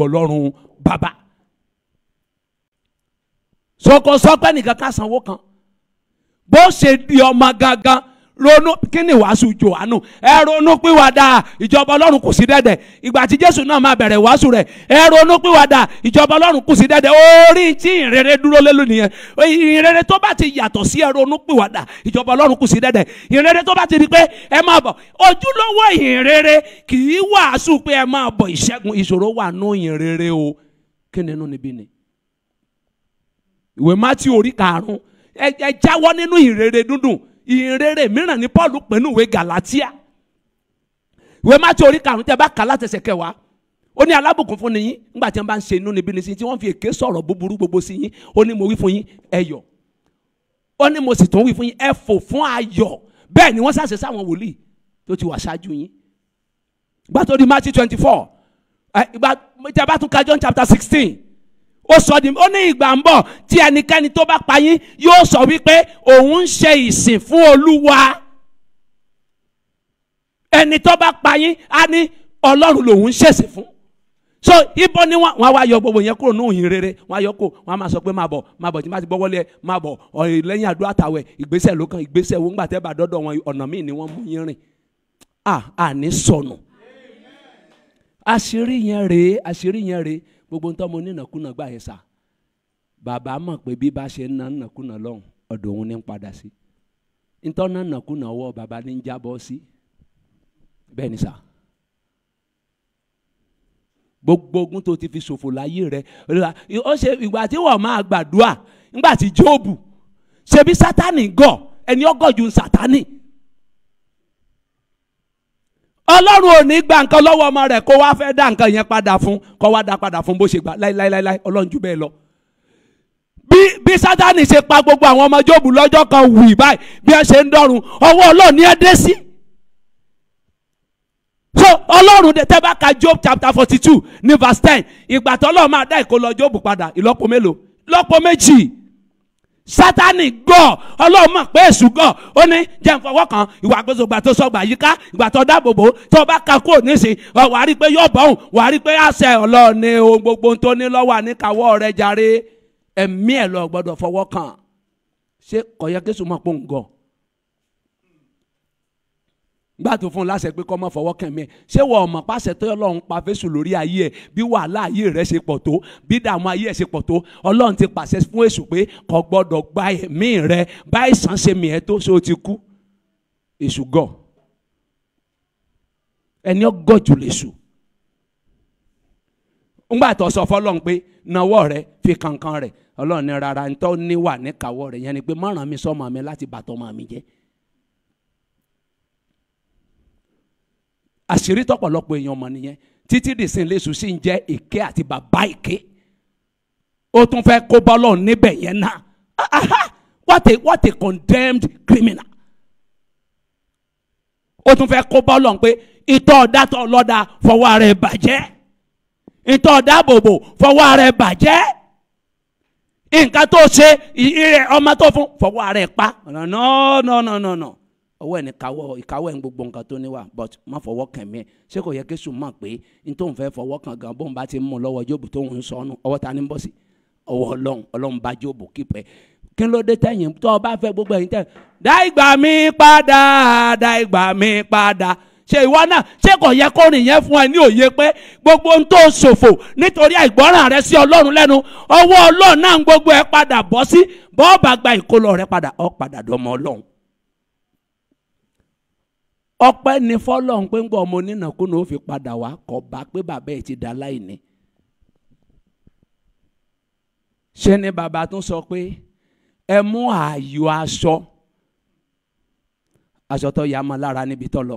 wọn bẹ sọkọ sọpẹ́ nìkan ká sanwó kan bó ṣe di ọmọ gangan ronú kí ni wàásù Jòhánù ẹ ronú pìwàdà ìjọba Ọlọ́run kù sí dẹ̀dẹ̀ ìgbà tí Jésù náà máa bẹ̀rẹ̀ wàásù rẹ̀ ẹ ronú pìwàdà ìjọba Ọlọ́run kù sí dẹ̀dẹ̀ orí tí ìrere dúró lé lónìí yẹn ìrere tó bá ti yàtọ̀ sí ẹ ronú pìwàdà ìjọba Ọlọ́run kù sí dẹ̀dẹ̀ ìrere tó bá ti di pé ẹ máa bọ̀ ojúlówó ìrere kì í wàásù pé ẹ máa bọ̀ ìṣẹ́gun ìṣòro wà nú ìrere o kí ni inú níbí ni ìwé matthew orí karùn-ún ẹ jáwọ́ nínú ìrere dúndùn ìrere mìíràn ni paul pè ní ìwé galatia ìwé matthew orí karùn-ún tẹ bá kà látẹsẹ̀ kẹwàá ó ní alábùkún fún yín nígbà tí wọn bá ń ṣe inú níbi nísìnyí tí wọn fi èké sọ̀rọ̀ búburú gbogbo sí yín ó ní mo wí fún yín ẹ yọ̀ ó ní mo sì tún wí fún yín ẹ fò fún ayọ̀ bẹ́ẹ̀ ni wọ́n ṣàṣẹ sáwọn wòlíì tó ti wà ṣáájú yín gbàtọ́ di matthew twenty four ìgbà tí a bá tún ka john chapter sixteen ó sọ di ó ní ìgbà ń bọ̀ tí ẹnikẹ́ni tó bá pa yín yóò sọ wípé òun ń ṣe ìsìn fún olúwa ẹni tó bá pa á ní ọlọ́run lòun ń ṣèsìn fún so ibo ni wọn wá yọ gbogbo yẹn kúrò nínú ìhìn rere wọn yọ kó wọn máa sọ pé máa bọ̀ máa bọ̀ tí máa ti gbọ́wọ́lé ẹ máa bọ̀ ọ̀rìn lẹ́yìn àdúrà tàwẹ̀ ìgbésẹ̀ ló kàn wo ńgbà tẹ́ bá dọ́dọ̀ wọn ọ̀nà míì ni wọ́n mú yín rìn à àní sọnù àṣírí yẹn rèé àṣírí yẹn rèé gbogbo ń tọ́mọ onínàkúnà gbà yẹn sà bàbá mọ̀ pé bí bá ṣe ń na nàkúnà lọ́hùn ọ̀dọ̀ òun ní ń padà sí ntọ́nà nàkúnà ọwọ́ bàbá ní ń jábọ́ sí bẹ́ẹ̀ ni sà gbogbo ogun tó ti fi ṣòfò láyé rẹ ó ṣe ìgbà tí wọ́n máa gbàdúrà ńgbà tí Jóòbù ṣebí Sátánì gọ̀ ẹni ọgọ́jú Sátánì ọlọ́run ò ní gba nǹkan lọ́wọ́ ọmọ rẹ̀ kó wá fẹ́ dá nǹkan yẹn padà fún kó wá dá padà fún bó ṣe gbà láíláíláí ọlọ́run jù bẹ́ẹ̀ lọ. bí bí sátani ṣe pa gbogbo àwọn ọmọ jóòbù lọ́jọ́ kan wì báyìí bí wọ́n ṣe ń dọ́run ọwọ́ ọlọ́run ni ẹ dé sí. so ọlọ́run tẹ́ bá ka job chapter forty two ní verse ten ìgbà tọ́lọ́ máa dá ìkólọ jóòbù padà ìlọ́po mélòó ìlọ́po méjì sátani gọ̀ ọlọ́run mọ̀ pé èṣù gọ̀ ó ní jẹ́ nfọwọ́ kan ìwà àgbẹ̀sọ̀ ìgbà tó sọgbà yíká ìgbà tó dáàbòbò tó bá ka kúrò nísìn wàá rí i pé yóò bọ̀ ọ̀hún wàá rí i pé àṣẹ ọlọ́run ni ohun gbogbo tó ní lọ́wọ́ àníkàwọ́ rẹ̀ jàre ẹ̀mí ẹ̀ lọ gbọ́dọ̀ fọwọ́ kàn ṣé kò mọ̀ pé òun gọ̀ nígbà tó fún un láṣẹ pé kọ́ mọ́ fọwọ́ kàn mí ṣé wọ́n mọ̀ pàṣẹ tó ọlọ́run pa fésù lórí ayé ẹ̀ bí wàhálà ayé rẹ̀ ṣe pọ̀ tó bí dààmú ayé ẹ̀ ṣe pọ̀ tó ọlọ́run ti pàṣẹ fún èṣù pé kò gbọ́dọ̀ gba ẹ̀mí rẹ̀ báyìí sàn ṣe mì ẹ́ tó ṣó ti kú èṣù gọ̀ ẹni ọgọ́ jù lè ṣù ńgbà tó sọ fọlọ́run pé nawọ́ rẹ̀ fi kankan rẹ̀ ọlọ́run ní rárá ntọ́ níwà níkàwọ́ rẹ̀ yẹn ni pé márùn-ún mi sọ́mọ́ àṣírí tọ̀pọ̀lọpọ̀ èèyàn mọ̀ nìyẹn títí dìsín lẹ́sù sì ń jẹ́ èké àti bàbá èké ó tún fẹ́ kó bọ́lọ̀ níbẹ̀ yẹn náà what a what a condemned criminal ó tún fẹ́ kó bọ́lọ̀ pé ìtọ́ ọ̀dà tó ọlọ́dà fọwọ́ ara ẹ̀ bàjẹ́ ìtọ́ ọ̀dà bòbò fọwọ́ ara ẹ̀ nǹkan tó ṣe ìrẹ̀ ọmọ tó fún fọwọ́ ara pa no no no no no. no ọwọ́ ẹ̀ ní kawọ́ ìkawọ́ ẹ̀ gbogbo nǹkan tó níwà but má fọwọ́ kàn mí ẹ̀ ṣé kò yẹ kí sùn mọ̀ pé n tó ń fẹ́ fọwọ́ kàn gan bóun bá ti mú lọ́wọ́ jóòbù tó ń sọnù ọwọ́ ta ni ń bọ̀ sí ọwọ́ ọlọ́run ọlọ́run bá jóòbù kípẹ́ kí ló dé tẹ̀yìn tó o bá fẹ́ gbogbo ẹ̀yin tẹ̀ dá ìgbà mi padà dá ìgbà mi padà ṣe ìwọ náà ṣé kò yẹ kó nìyẹn fún ẹ ní òye pé gbogbo ohun tó ṣòfò nítorí àìgbọ́ràn rẹ sí ọlọ́run lẹ́nu ọwọ́ ọlọ́run náà gbogbo ẹ padà bọ́ sí bọ́ọ̀bà gba ìkólọ rẹ padà ọ padà dọmọ ọlọ́run ọpẹ́ ni fọ́lọ́run pé ń gbọ́ ọmọ onínàkúnà ó fi padà wá kọ̀ bá pé bàbá ẹ̀ ti dá láìní. ṣé ni bàbá tún sọ pé ẹ mú ààyò aṣọ aṣọ tó yà mọ́ lára níbi tó lọ.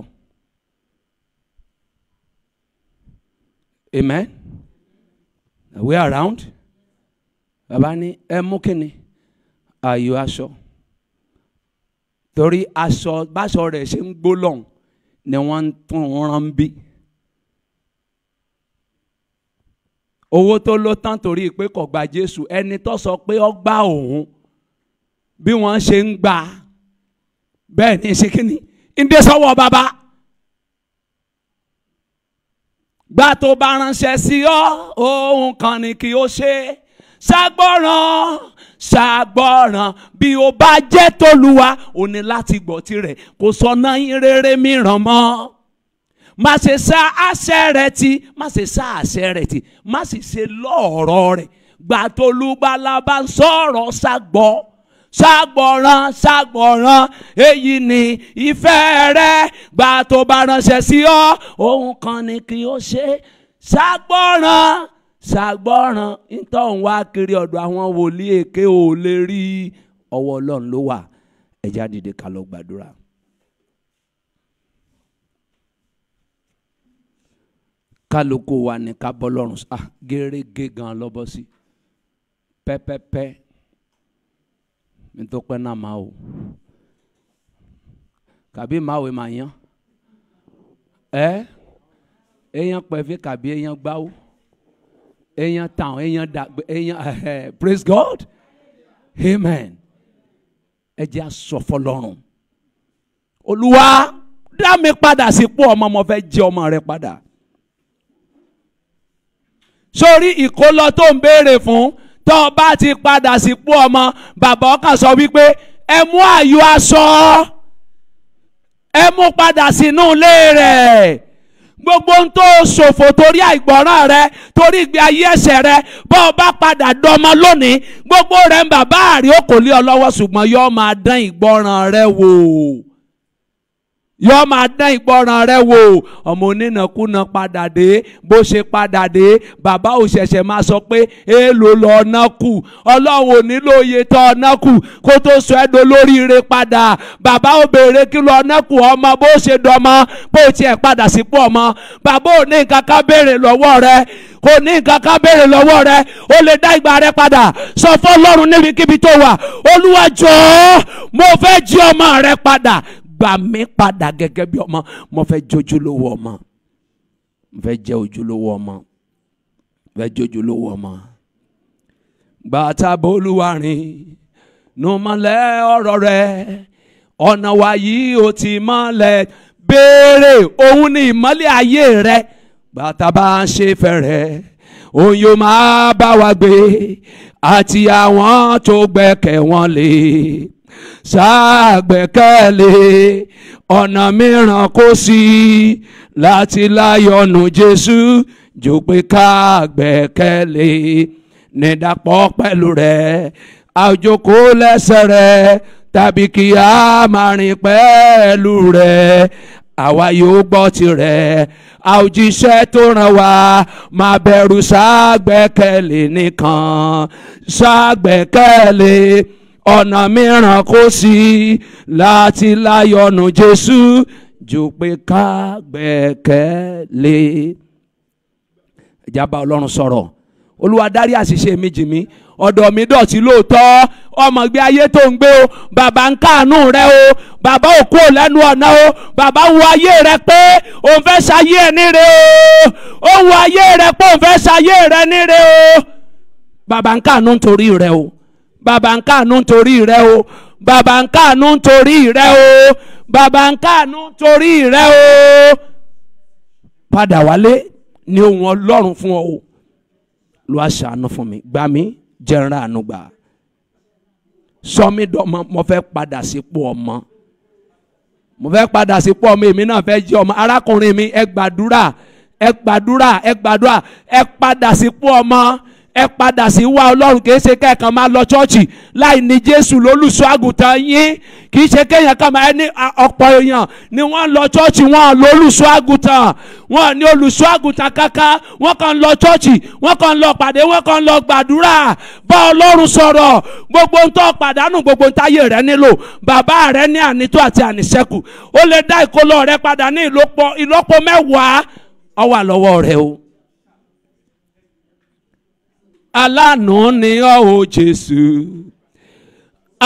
amen we around bàbá ni ẹ mú kíni ààyò aṣọ torí aṣọ báṣọ rẹ̀ ṣe ń gbó lọ́hùn ni wọ́n ń tún rán bí. owó tó ló tán torí pé kò gba Jésù ẹni tó sọ pé ó gba òun bí wọ́n ṣe ń gbà bẹ́ẹ̀ ni ṣe kíni ndé sọ́wọ́ bàbá gbà tó bá ránṣẹ́ sí ọ ohun kan ni kí o ṣe ṣàgbọràn ṣàgbọràn bí o bá jẹ́ tolúwa o ní láti gbọ́ tirẹ̀ kò sọ̀nà ìrere mìíràn mọ́ má ṣe sá àṣẹ rẹ̀ ti má ṣe sá àṣẹ rẹ̀ ti má sì ṣe lọ́ọ̀rọ̀ rẹ̀ gbà tolúbalà bá ń sọ̀rọ̀ ṣàgbọ́ ṣàgbọ̀ràn ṣàgbọ̀ràn èyí ni ìfẹ́ rẹ̀ gbà tó bá ránṣẹ́ sí ọ òun kan ni kí o ṣe ṣàgbọ̀ràn ṣàgbọ́ràn ntọ́ ń wá kiri ọ̀dọ̀ àwọn wòlíì èké ò lè rí ọwọ́ ọlọ́run ló wà ẹ̀já dìde ká lọ gbàdúrà. kálukú wa ní ká bọ́ lọ́rùn sá ah, gẹ́rẹ́gẹ́ gan lọ́bọ́ sí pẹ́pẹ́pẹ́ nítorí pé náà máa wò kàbí máa wò máa yán èèyàn pẹ̀fẹ́ kàbí èèyàn gbáwó. Eyan town, eyan dàgbé, eyan eh, eh, praise God. Amen. Ẹ jẹ́ aṣọ fọlọ́run. Olúwa dá mi padà sípò ọmọ mo fẹ́ jẹ ọmọ rẹ padà. Sórí ìkólọ tó ń béèrè fún tó bá ti padà sípò ọmọ bàbá ọkàn sọ wípé ẹ mú àyò aṣọ ẹ mú padà sínú ilé rẹ̀ gbogbo ń tó ṣòfò torí àìgbọ́ràn rẹ torí ìgbé ayé ẹ̀ṣẹ̀ rẹ bọ́ ọ bá padà dọ́mọ lónìí gbogbo rẹ̀ ń bàbá àrí òkòlé ọ ṣùgbọ́n yóò máa dán ìgbọ́ràn rẹ wò yọ máa dán ìgbọràn rẹ wò ọmọ onínàkúnà padà dé bó ṣe padà dé bàbá òṣẹ̀ṣẹ̀ máa sọ pé èèlò lọ ọ̀nà kù ọlọ́run ò nílò iye tọ́ ọ̀nà kù kó tó sọ ẹ́ do lóríire padà bàbá ò béèrè kí lọ ọ̀nà kù ọmọ bó ṣe dọmọ bó tiẹ̀ padà sípò ọmọ bàbá ò ní nǹkan ká béèrè lọ́wọ́ rẹ kò ní nǹkan ká béèrè lọ́wọ́ rẹ ó lè dá ìgbà rẹ padà sọ fọlọ́run níbikíbi tó wà olúwa jọ̀ọ́ mo fẹ́ jí ọmọ rẹ padà gbà mí padà gẹ́gẹ́ bí ọmọ mo fẹ́ jẹ́ ojúlówó ọmọ mo fẹ́ jẹ́ ojúlówó ọmọ mo fẹ́ jẹ́ ojúlówó ọmọ. gbàtà bolúwa rìn numọ̀lẹ́ ọ̀rọ̀ rẹ̀ ọ̀nà wa yìí ó ti mọ́lẹ̀ béèrè òun ni ìmọ́lẹ̀ ayé rẹ̀ bàtà ṣe fẹ̀rẹ̀ òun yóò máa bá wa gbé àti àwọn tó gbẹ́kẹ̀ wọn lé ṣàgbẹ́kẹ̀lé ọ̀nà mìíràn kò sí láti láyọ̀nù Jésù jù pé ká gbẹ́kẹ̀lé nídàpọ̀ pẹ̀lú rẹ̀ àjòkó lẹ́sẹ̀ rẹ̀ tàbí kí a máa rìn pẹ̀lú rẹ̀ àwa yóò gbọ́ tirẹ̀ àwòjíṣẹ́ tó ràn wá máa bẹ̀rù ṣàgbẹ́kẹ̀lé nìkan ṣàgbẹ́kẹ̀lé ọ̀nà mìíràn kò sí láti láyọ̀nù Jésù ju pé ká gbẹ̀kẹ́lé. ìjábá Ọlọ́run sọ̀rọ̀ Olúwa dárí àṣìṣe mi jì mí ọ̀dọ̀ mi dọ̀tí lóòótọ́ ọmọ gbé ayé tó ń gbé o bàbá ń káàánú rẹ o bàbá ò kúrò lẹ́nu ọ̀nà o bàbá ń wo ayé rẹ pé òun fẹ́ ṣayé ẹ níre o ó ń wo ayé rẹ pé òun fẹ́ ṣayé rẹ níre o bàbá ń káàánú nítorí rẹ o bàbá ń káànú torí rẹ o bàbá ń káànú torí rẹ o bàbá ń káànú torí rẹ o padà wálé ni ohun ọlọ́run fún ọ o lu aṣàánú fún mi gbà mí jẹran àánú gbà sọmi dọmọ mo fẹ́ padà sípò ọmọ mo fẹ́ padà sípò ọmọ èmi náà fẹ́ jẹ́ ọmọ arákùnrin mi ẹ gbàdúrà ẹ gbàdúrà ẹ gbàdúrà ẹ padà sípò ọmọ ẹ padà sí wá ọlọ́run kì í ṣe kẹ́ẹ̀kan máa lọ chọ́ọ̀chì láì ní jésù lólùṣọ́ àgùntàn yín kì ṣe kéèyàn kan máa ní ọ̀pọ̀ èèyàn ni wọ́n ń lọ chọ́ọ̀chì wọn lólùṣọ́ àgùntàn wọn ní olùṣọ́ àgùntàn kankan wọ́n kàn ń lọ chọ́ọ̀chì wọ́n kàn ń lọ pàdé wọ́n kàn ń lọ gbàdúrà bá ọlọ́run sọ̀rọ̀ gbogbo ń tọ́ pàdánù gbogbo ń táyé rẹ nílò bàbá rẹ ní ànító àti àníṣẹ́kù ó lè dá ìkólọ rẹ padà ní ìlọ́po mẹ́wàá ó wà lọ́wọ́ rẹ o aláàánú ni ọ́ o Jésù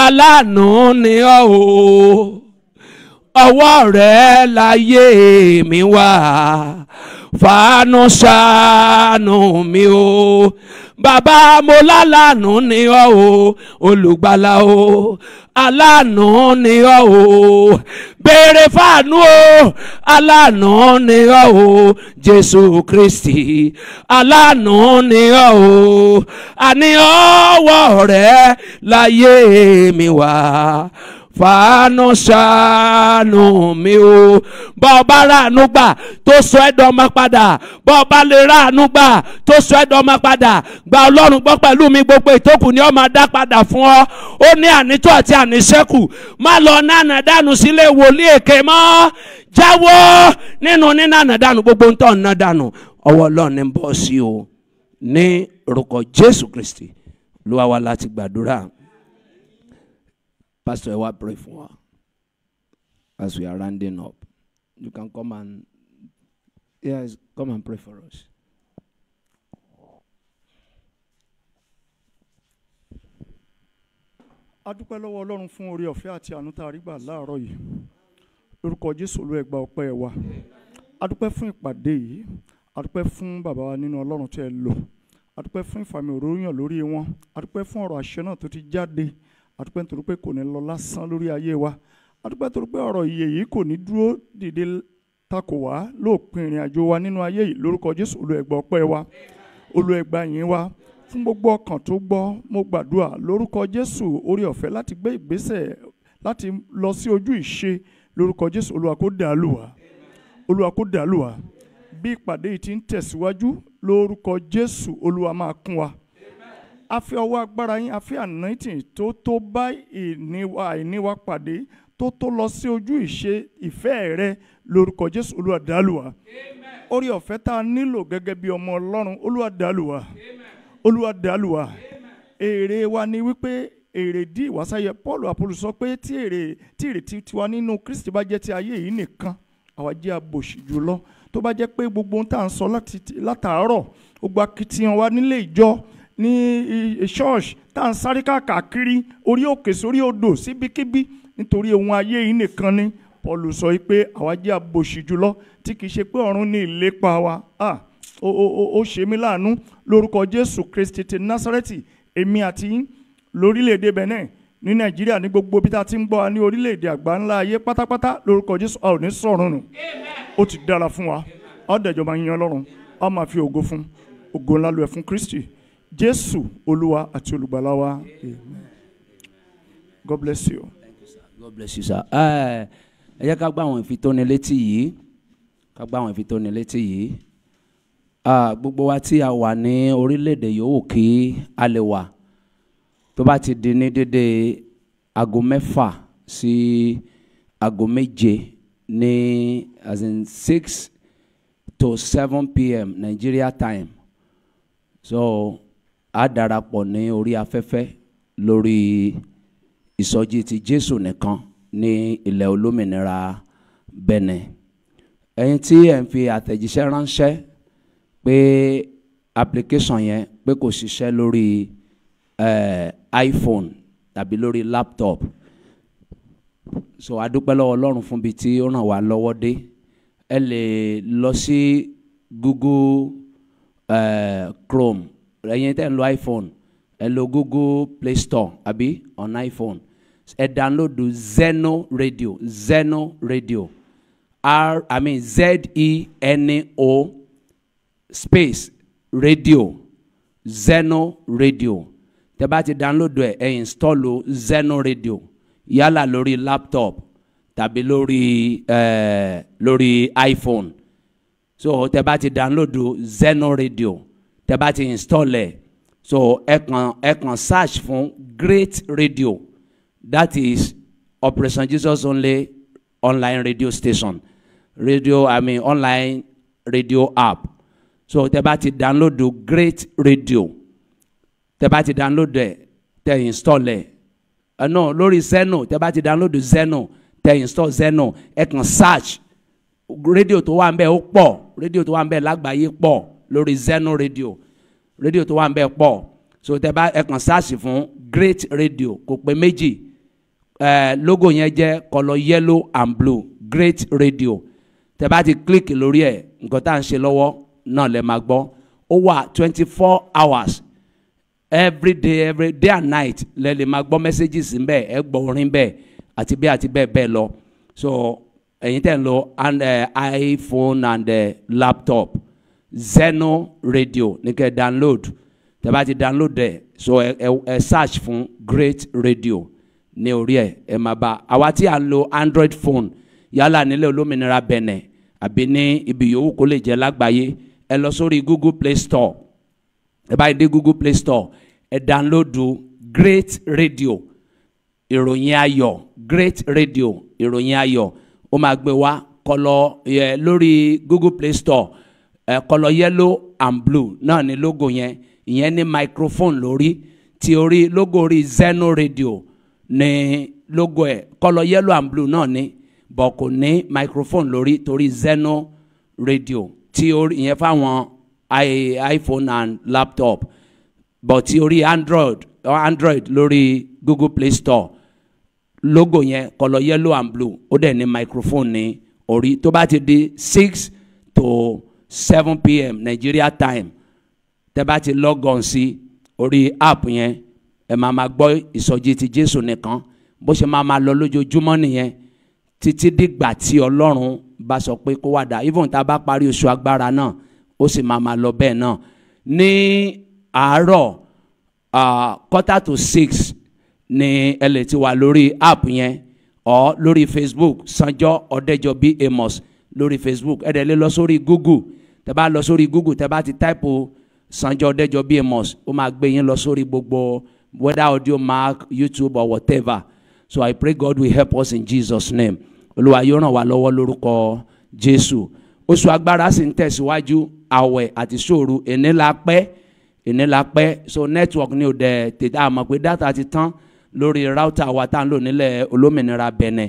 aláàánú ni ọ́ o ọwọ́ rẹ̀ láyé mi wá fàánú ṣàánú mi o bàbá mo lálàánú ni ọ́ o olùgbàlà o aláàánú ni ọ́ o béèrè fàánú o aláàánú ni ọ́ o jésù kristi aláàánú ni ọ́ o àní ọwọ́ rẹ̀ láyé mi wá fàánù ṣàánù mi o bá ọba ráàánú gbà tó sọ ẹ̀dọ̀ ọmọ padà bá ọba lè ráàánú gbà tó sọ ẹ̀dọ̀ ọmọ padà gba ọlọ́run gbọ́ pẹ̀lú mi gbogbo ìtókù ni ó máa dá padà fún ọ ó ní ànító àti àníṣẹ́kù má lọ nánà dànù sílé wòlíì èké mọ́ jáwọ́ nínú nínànà dànù gbogbo ń tọ́ ǹnà dànù ọwọ́ ọlọ́run ní bọ́ sí o ní orúkọ Jésù Kristi ló wá láti gbàdúrà. Pastor, I pray for her as we are rounding up. You can come and yes, come and pray for us. a dúpẹ́ lọ́wọ́ ọlọ́run fún oore ọ̀fẹ́ àti àánú tá a rí gbà láàárọ̀ yìí lórúkọ jésù olú ẹgbà ọpẹ́ wa a dúpẹ́ fún ìpàdé yìí a dúpẹ́ fún bàbá wa nínú ọlọ́run tẹ́ ẹ lò a dúpẹ́ fún ìfàmì òróyàn lórí wọn a dúpẹ́ fún ọ̀rọ̀ àṣẹ náà tó ti jáde adúpẹ́ nítorí pé kò ní lọ lásán lórí ayé wa adúpẹ́ nítorí pé ọ̀rọ̀ ìyè yìí kò ní dúró dìde takò wá lóòpin ìrìn àjò wa nínú ayé yìí lórúkọ Jésù olùẹ̀gbà ọpẹ́ wa olùẹ̀gbà yìn wa fún gbogbo ọkàn tó gbọ́ mo gbàdúrà lórúkọ Jésù orí ọ̀fẹ́ láti gbé ìgbésẹ̀ láti lọ sí ojú ìṣe lórúkọ Jésù Olúwa kó bí ìpàdé yìí ti ń tẹ̀síwájú lórúkọ Jésù Olúwa máa kún wa a fi ọwọ́ agbára yín a fi anointing tó tó bá ìníwa ìníwa pàdé tó tó lọ sí ojú ìṣe ìfẹ́ rẹ lórúkọ Jésù Olúwa orí ọ̀fẹ́ tá a nílò gẹ́gẹ́ bí ọmọ Ọlọ́run Olúwa dàlùwà èrè wa ni wípé èrèdí ìwàsáyẹ Paul apollo sọ pé tí èrè tí ìrètí tiwa nínú Kristi bá jẹ́ ti ayé yìí nìkan àwa jẹ́ abòṣì jùlọ tó bá jẹ́ pé gbogbo ohun tá à ń sọ látàárọ̀ gbogbo akitiyan wa nílé ìjọ ní ṣọ́ọ̀ṣì tá à ń sáré káàkiri orí òkè sórí odò síbikíbi nítorí ohun ayé yìí nìkan ni Paul sọ pé àwa jẹ́ àbòsí jùlọ tí kìí ṣe pé ọ̀run ní ìlépa wa ó ṣe mí láàánú lórúkọ Jésù Kristi ti Násárẹ́tì èmi àti yín lórílẹ̀‐èdè Benin ní Nàìjíríà ní gbogbo bí tá a ti ń gbọ́ wa ní orílẹ̀‐èdè àgbà ńlá ayé pátápátá lórúkọ Jésù a ò ní sọ̀rùn nù ó ti dára fún wa ọ̀dẹ̀jọba yín Ọlọ́run a máa fi ògo fún ògo ńlá lu ẹ̀ fún Kristi Jésù Oluwa, àti Olùgbàlà God bless you. Thank you God bless you sir. Eh, ẹ jẹ́ ká gbọ́ àwọn ìfitónilétí yìí ká gbọ́ àwọn ìfitónilétí yìí gbogbo wa tí a wà ní orílẹ̀-èdè yòówù kí a lè wà tó bá ti di ní dédé aago mẹ́fà sí aago méje ní as in six to seven pm Nigeria time so a darapọ̀ ní orí afẹ́fẹ́ lórí ìsọjí ti Jésù nìkan ní ilẹ̀ olómìnira Benin ẹ̀yin tí ẹ̀ ń fi àtẹ̀jíṣẹ́ ránṣẹ́ pé application yẹn pé kò ṣiṣẹ́ lórí eh, iPhone tàbí lórí laptop so adúpẹ́ lọ́wọ́ Ọlọ́run fún bi tí ó ràn wá lọ́wọ́ dé ẹ lè lọ sí Google eh, Chrome ẹ̀yin tẹ́ ń lo iphone ẹ lo google play store àbí on iphone ẹ download zeno radio zeno radio r i mean z e n e o space radio zeno radio tẹ́ bá ti download ẹ ẹ install zeno radio yálà lórí laptop tàbí lórí ẹ eh, lórí iphone so tẹ́ bá ti download zeno radio tẹ́ bá ti install ẹ̀ so ẹ kàn ẹ kàn search fún great radio that is operation jesus only online radio station radio i mean online radio app so tẹ́ bá ti download great radio tẹ́ bá ti download ẹ̀ tẹ́ install ẹ̀ ẹ uh, no lórí zeno tẹ́ bá ti download zeno tẹ́ install zeno ẹ kàn search radio tó wà ń bẹ̀ ó pọ̀ rédíò tó wà ń bẹ̀ lágbàáyé pọ̀ lórí Zeno rédíò rédíò tó wà ń bẹ pọ̀ so tẹ bá ẹ kàn sáàsì fún Great Radio kò pé méjì ẹ logo yẹn jẹ́ kọlọ yellow and blue Great Radio tẹ bá ti click lórí ẹ nǹkan tá à ń ṣe lọ́wọ́ náà lẹ máa gbọ́ ó wà twenty four hours every day every day and night lẹ lè máa gbọ́ messages ń bẹ ẹ gbọ́ orin bẹ àti bẹ́ẹ̀ àti bẹ́ẹ̀ bẹ́ẹ̀ lọ so ẹ̀yin tẹ̀ ń lo iPhone and uh, laptop Zeno Radio ní kẹ́ download tẹ́ bá ti download ẹ̀ so ẹ ẹ search fún Great Radio ní orí ẹ̀ ẹ máa bá àwa tí a lo Android phone yálà nílẹ̀ olómìnira Benin àbí ní ibi yòówù kó lè jẹ́ lágbàáyé ẹ lọ sórí Google Play Store ẹ bá dé Google Play Store ẹ download Great Radio ìròyìn ayọ̀ Great Radio ìròyìn ayọ̀ ó máa gbé wá kọlọ lórí Google Play Store ẹ yellow and blue náà ni logo yẹn ìyẹn ní microphone lórí ti orí logo orí Zeno radio ní logo ẹ kọlọ yellow and blue náà ni bọ̀ kò ní microphone lórí torí Zeno radio ti orí ìyẹn fáwọn iPhone and laptop bọ̀ ti orí Android Android lórí Google Play Store logo yẹn kọlọ yellow and blue ó dẹ̀ ní microphone ní orí tó bá ti di six to seven pm Nigeria time tẹ́ bá ti lọ́gàn sí orí app yẹn ẹ máa ma gbọ́ ìsọjí ti Jésù nìkan bó ṣe máa ma lọ lójoojúmọ́ nìyẹn títí dìgbà tí Ọlọ́run bá sọ pé kó wá dà even tá a bá parí oṣù agbára náà ó sì máa ma lọ bẹ́ẹ̀ náà ní àárọ̀ quarter to six ni ẹ lè ti wà lórí app yẹn ọ lórí Facebook Sanjo Ọ̀dẹ́jọbí Amos lórí Facebook ẹ dẹ̀ lè lọ sórí Google tẹ bá lọ sórí google tẹ bá ti táìpù sanjọ ọdẹjọ bms ó máa gbé yín lọ sórí gbogbo whether audio mark youtube or whatever so i pray god will help us in jesus name olúwa yóò ràn wá lọ́wọ́ lórúkọ jésù oṣù agbára sì ń tẹ̀síwájú àwẹ̀ àti sòru ènìlápẹ́ ènìlápẹ́ so network ni ò dẹ̀ tètè àmọ̀ pé data ti tán lórí router wa tá à ń lò nílẹ̀ olómìnira bẹ̀nẹ̀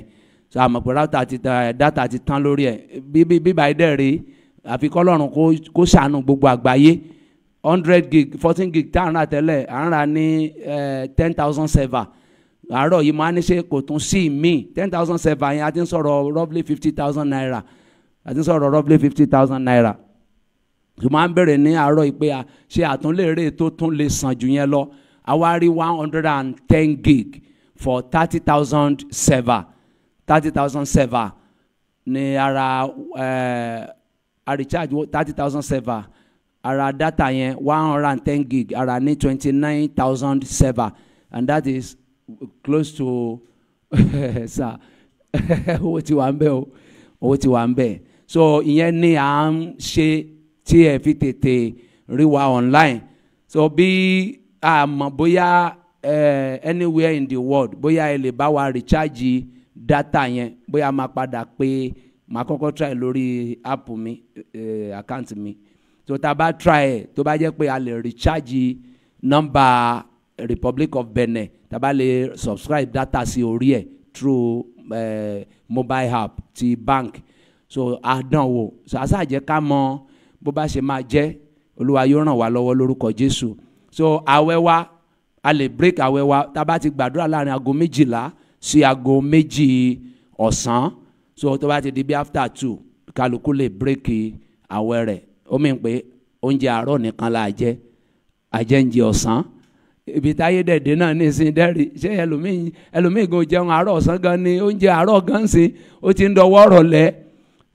so àmọ̀ pé router ti tán data ti tán lórí ẹ̀ bíbá ẹ̀ dẹ̀ rí àfi kọ́lọ́run kó ṣàánú gbogbo àgbáyé hundred gig fourteen gig tá à ń rà tẹ́lẹ̀ à ń rà ní eh, ten thousand server àárọ̀ yìí máa ní ṣe kò tún sí mi ten thousand server yẹn a ti ń sọ̀rọ̀ roughly fifty thousand naira a ti ń sọ̀rọ̀ roughly fifty thousand naira tó máa ń bẹ̀rẹ̀ ní àárọ̀ yìí pé a ṣe àtúnlérè tó tún lè sàn jù yẹn lọ a wá rí one hundred and ten gig for thirty thousand server thirty thousand server ní ara. Uh, I recharge thirty thousand server ara data yẹn one hundred and ten gig ara ní twenty nine thousand server and that is close to sa <laughs> <laughs> owó ti wà ń bẹ̀ o owó ti wà ń bẹ̀ so ìyẹn ni à ń ṣe tí ẹ fi tètè rí wa online so bí a mọ̀ bóyá anywhere in the world bóyá ẹ lè bá wa recharge data yẹn bóyá a máa padà pé màá kọ́kọ́ try lórí app mi eh, account mi tó tá a bá try ẹ̀ tó bá jẹ́ pé a lè recharge number, Republic of Benin tá a bá lè subscribe data sí orí ẹ̀ through eh, mobile app ti bank so àdánwò so àṣàjẹ́ ká mọ bó bá ṣe máa jẹ́ olúwa yóò ràn wá lọ́wọ́ lórúkọ Jésù so àwẹ̀ wa a lè break àwẹ̀ wa tá a bá ti gbàdúrà láàrin aago méjìlá sí aago méjì ọ̀sán so tó bá ti di bí after two kálukú lè bírèkì àwẹ̀ rẹ̀ ó mì pé oúnjẹ àárọ̀ nìkan la jẹ àjẹǹjẹ ọ̀sán ibi táyé dẹ̀dẹ̀ náà ní sin dẹ́rì ṣé ẹlòmíì ẹlòmíì gan jẹun àárọ̀ ọ̀sán gan ni oúnjẹ àárọ̀ gan sí ó ti ń dọwọ́ rọ̀lẹ́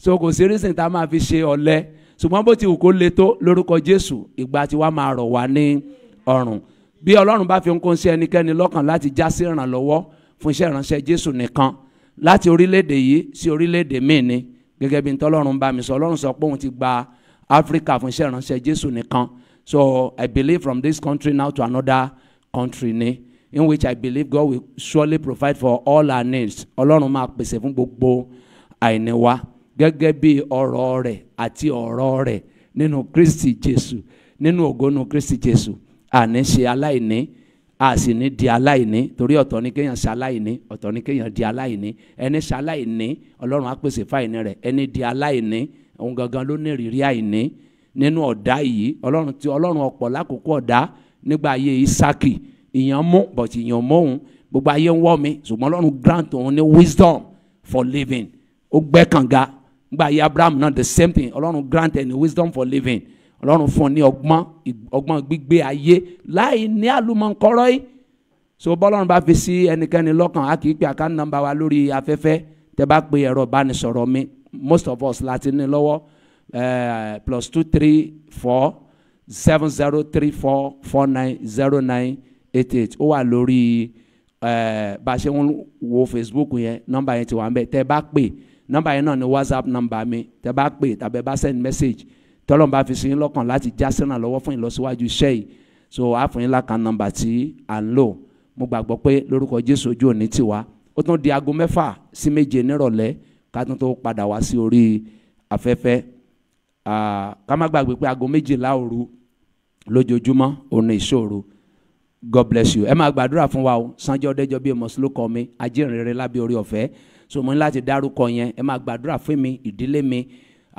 so kò sí rísìn tá a máa fi ṣe ọ̀lẹ ṣùgbọ́n bó ti wù kó le tó lórúkọ Jésù ìgbà tí wàá máa rọ̀ wá ní ọrùn bí Ọlọ́run bá fi ń kó ń ṣe ẹnikẹ́ni lọ́kàn láti já sí ìrànlọ́wọ́ fún iṣẹ́ ìránṣẹ́ Jésù nìkan láti orílẹ̀-èdè yìí sí orílẹ̀-èdè míì ni gẹ́gẹ́ bí ntọ́lọ́run bá mi sọ ọlọ́run sọ pé òun ti gba áfíríkà fún iṣẹ́ ìránṣẹ́ jésù nìkan so i believe from this country now to another country ni in which i believe god will surely provide for all our needs ọlọ́run máa pèsè fún gbogbo àìní wa gẹ́gẹ́ bí ọ̀rọ̀ rẹ̀ àti ọ̀rọ̀ rẹ̀ nínú kristi jésù nínú ògo nínú kristi jésù àní ṣe aláìní a sì ní di aláìní torí ọ̀tọ̀ ni kéèyàn ṣaláìní ọ̀tọ̀ ni kéèyàn di aláìní ẹni ṣaláìní ọlọ́run á pèsè fáìní rẹ̀ ẹni di aláìní òun gangan ló ní ìrírí àìní nínú ọ̀dá yìí ọlọ́run ti ọlọ́run ọ̀pọ̀ lákòókò ọ̀dá nígbà ayé isaki ìyàn mú but ìyàn mọ́hún gbogbo ayé ń wọ́ mi ṣùgbọ́n ọlọ́run grant òun ní wisdom for living ó gbẹ́kànga nígbà ayé Abraham náà the same thing ọlọ́run grant ẹni wisdom for living ọlọ́run fún ọ ní ọgbọ́n ọgbọ́n gbígbé ayé láì ní àlùmọ̀ǹkọ́rọ́ yìí so bọ́lọ́run bá fi sí ẹnikẹ́ni lọ́kàn á kì í pé àkáńtì nọ́mbà wa lórí afẹ́fẹ́ tẹ́ bá pe ẹ̀rọ ìbánisọ̀rọ̀ mi most of us láti ní lọ́wọ́ uh, plus two three four seven zero three four four nine zero nine eight eight ó wà lórí eh, bá a ṣe ń wo Facebook yẹn nọ́mbà yẹn ti wà ń bẹ̀ tẹ́ bá pè nọ́mbà yẹn náà ni WhatsApp nọ́mbà mi tẹ́ bá pè tàbí bá send message tọ́lọ́n bá fi sí yín lọ́kàn láti já sẹ́nà lọ́wọ́ fún ìlọsíwájú iṣẹ́ yìí so a fún yín lákan nọ́mbà tí à ń lò mo gbàgbọ́ pé lórúkọ Jésù ojú òní ti wá ó tún di aago mẹ́fà sí méje nírọ̀lẹ́ ká tún tó padà wá sí orí afẹ́fẹ́ ká má gbàgbé pé aago méjìlá òru lójoojúmọ́ òun ìṣòro God bless you ẹ máa gbàdúrà fún wa o sanjọ ọdẹjọ bíi mọ̀sílókọ mi ajínrere lábẹ́ orí ọ̀fẹ́ so mo ní láti dárúkọ yẹn ẹ máa gbàdúrà fún mi ìdílé mi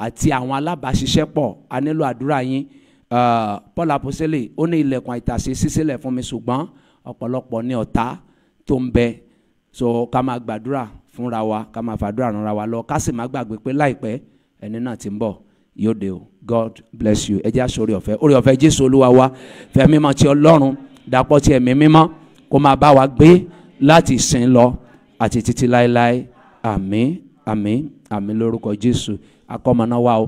àti àwọn alábàáṣiṣẹ́pọ̀ a nílò àdúrà yín uh, Paul Apostle ó ní ilẹ̀kùn àìtàsé ṣíṣílẹ̀ fún mi ṣùgbọ́n ọ̀pọ̀lọpọ̀ ní ọ̀tá tó ń bẹ so ká máa gbàdúrà fúnra wa ká máa fàdúrà ránra wa lọ ká sì má gbàgbé pé láìpẹ́ ẹni náà ti ń bọ̀ yóò dé o God bless you ẹ jẹ́ àṣọ orí ọ̀fẹ́ orí ọ̀fẹ́ Jésù Olúwa wa fẹ́ mímọ́ ti Ọlọ́run dàpọ̀ ti ẹ̀mí mímọ́ kó máa bá wa gbé láti ìsìn lọ àti títí láéláé àmín àmín àmín lórúkọ Jésù akọ́mọná wa o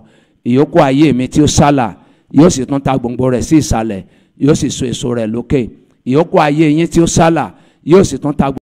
ìyókù ayé mi tí ó sálà yóò sì tún ta gbòǹgbò rẹ̀ sí ìsàlẹ̀ yóò sì so èso rẹ̀ lókè ìyókù ayé yín tí ó sálà yóò sì tún ta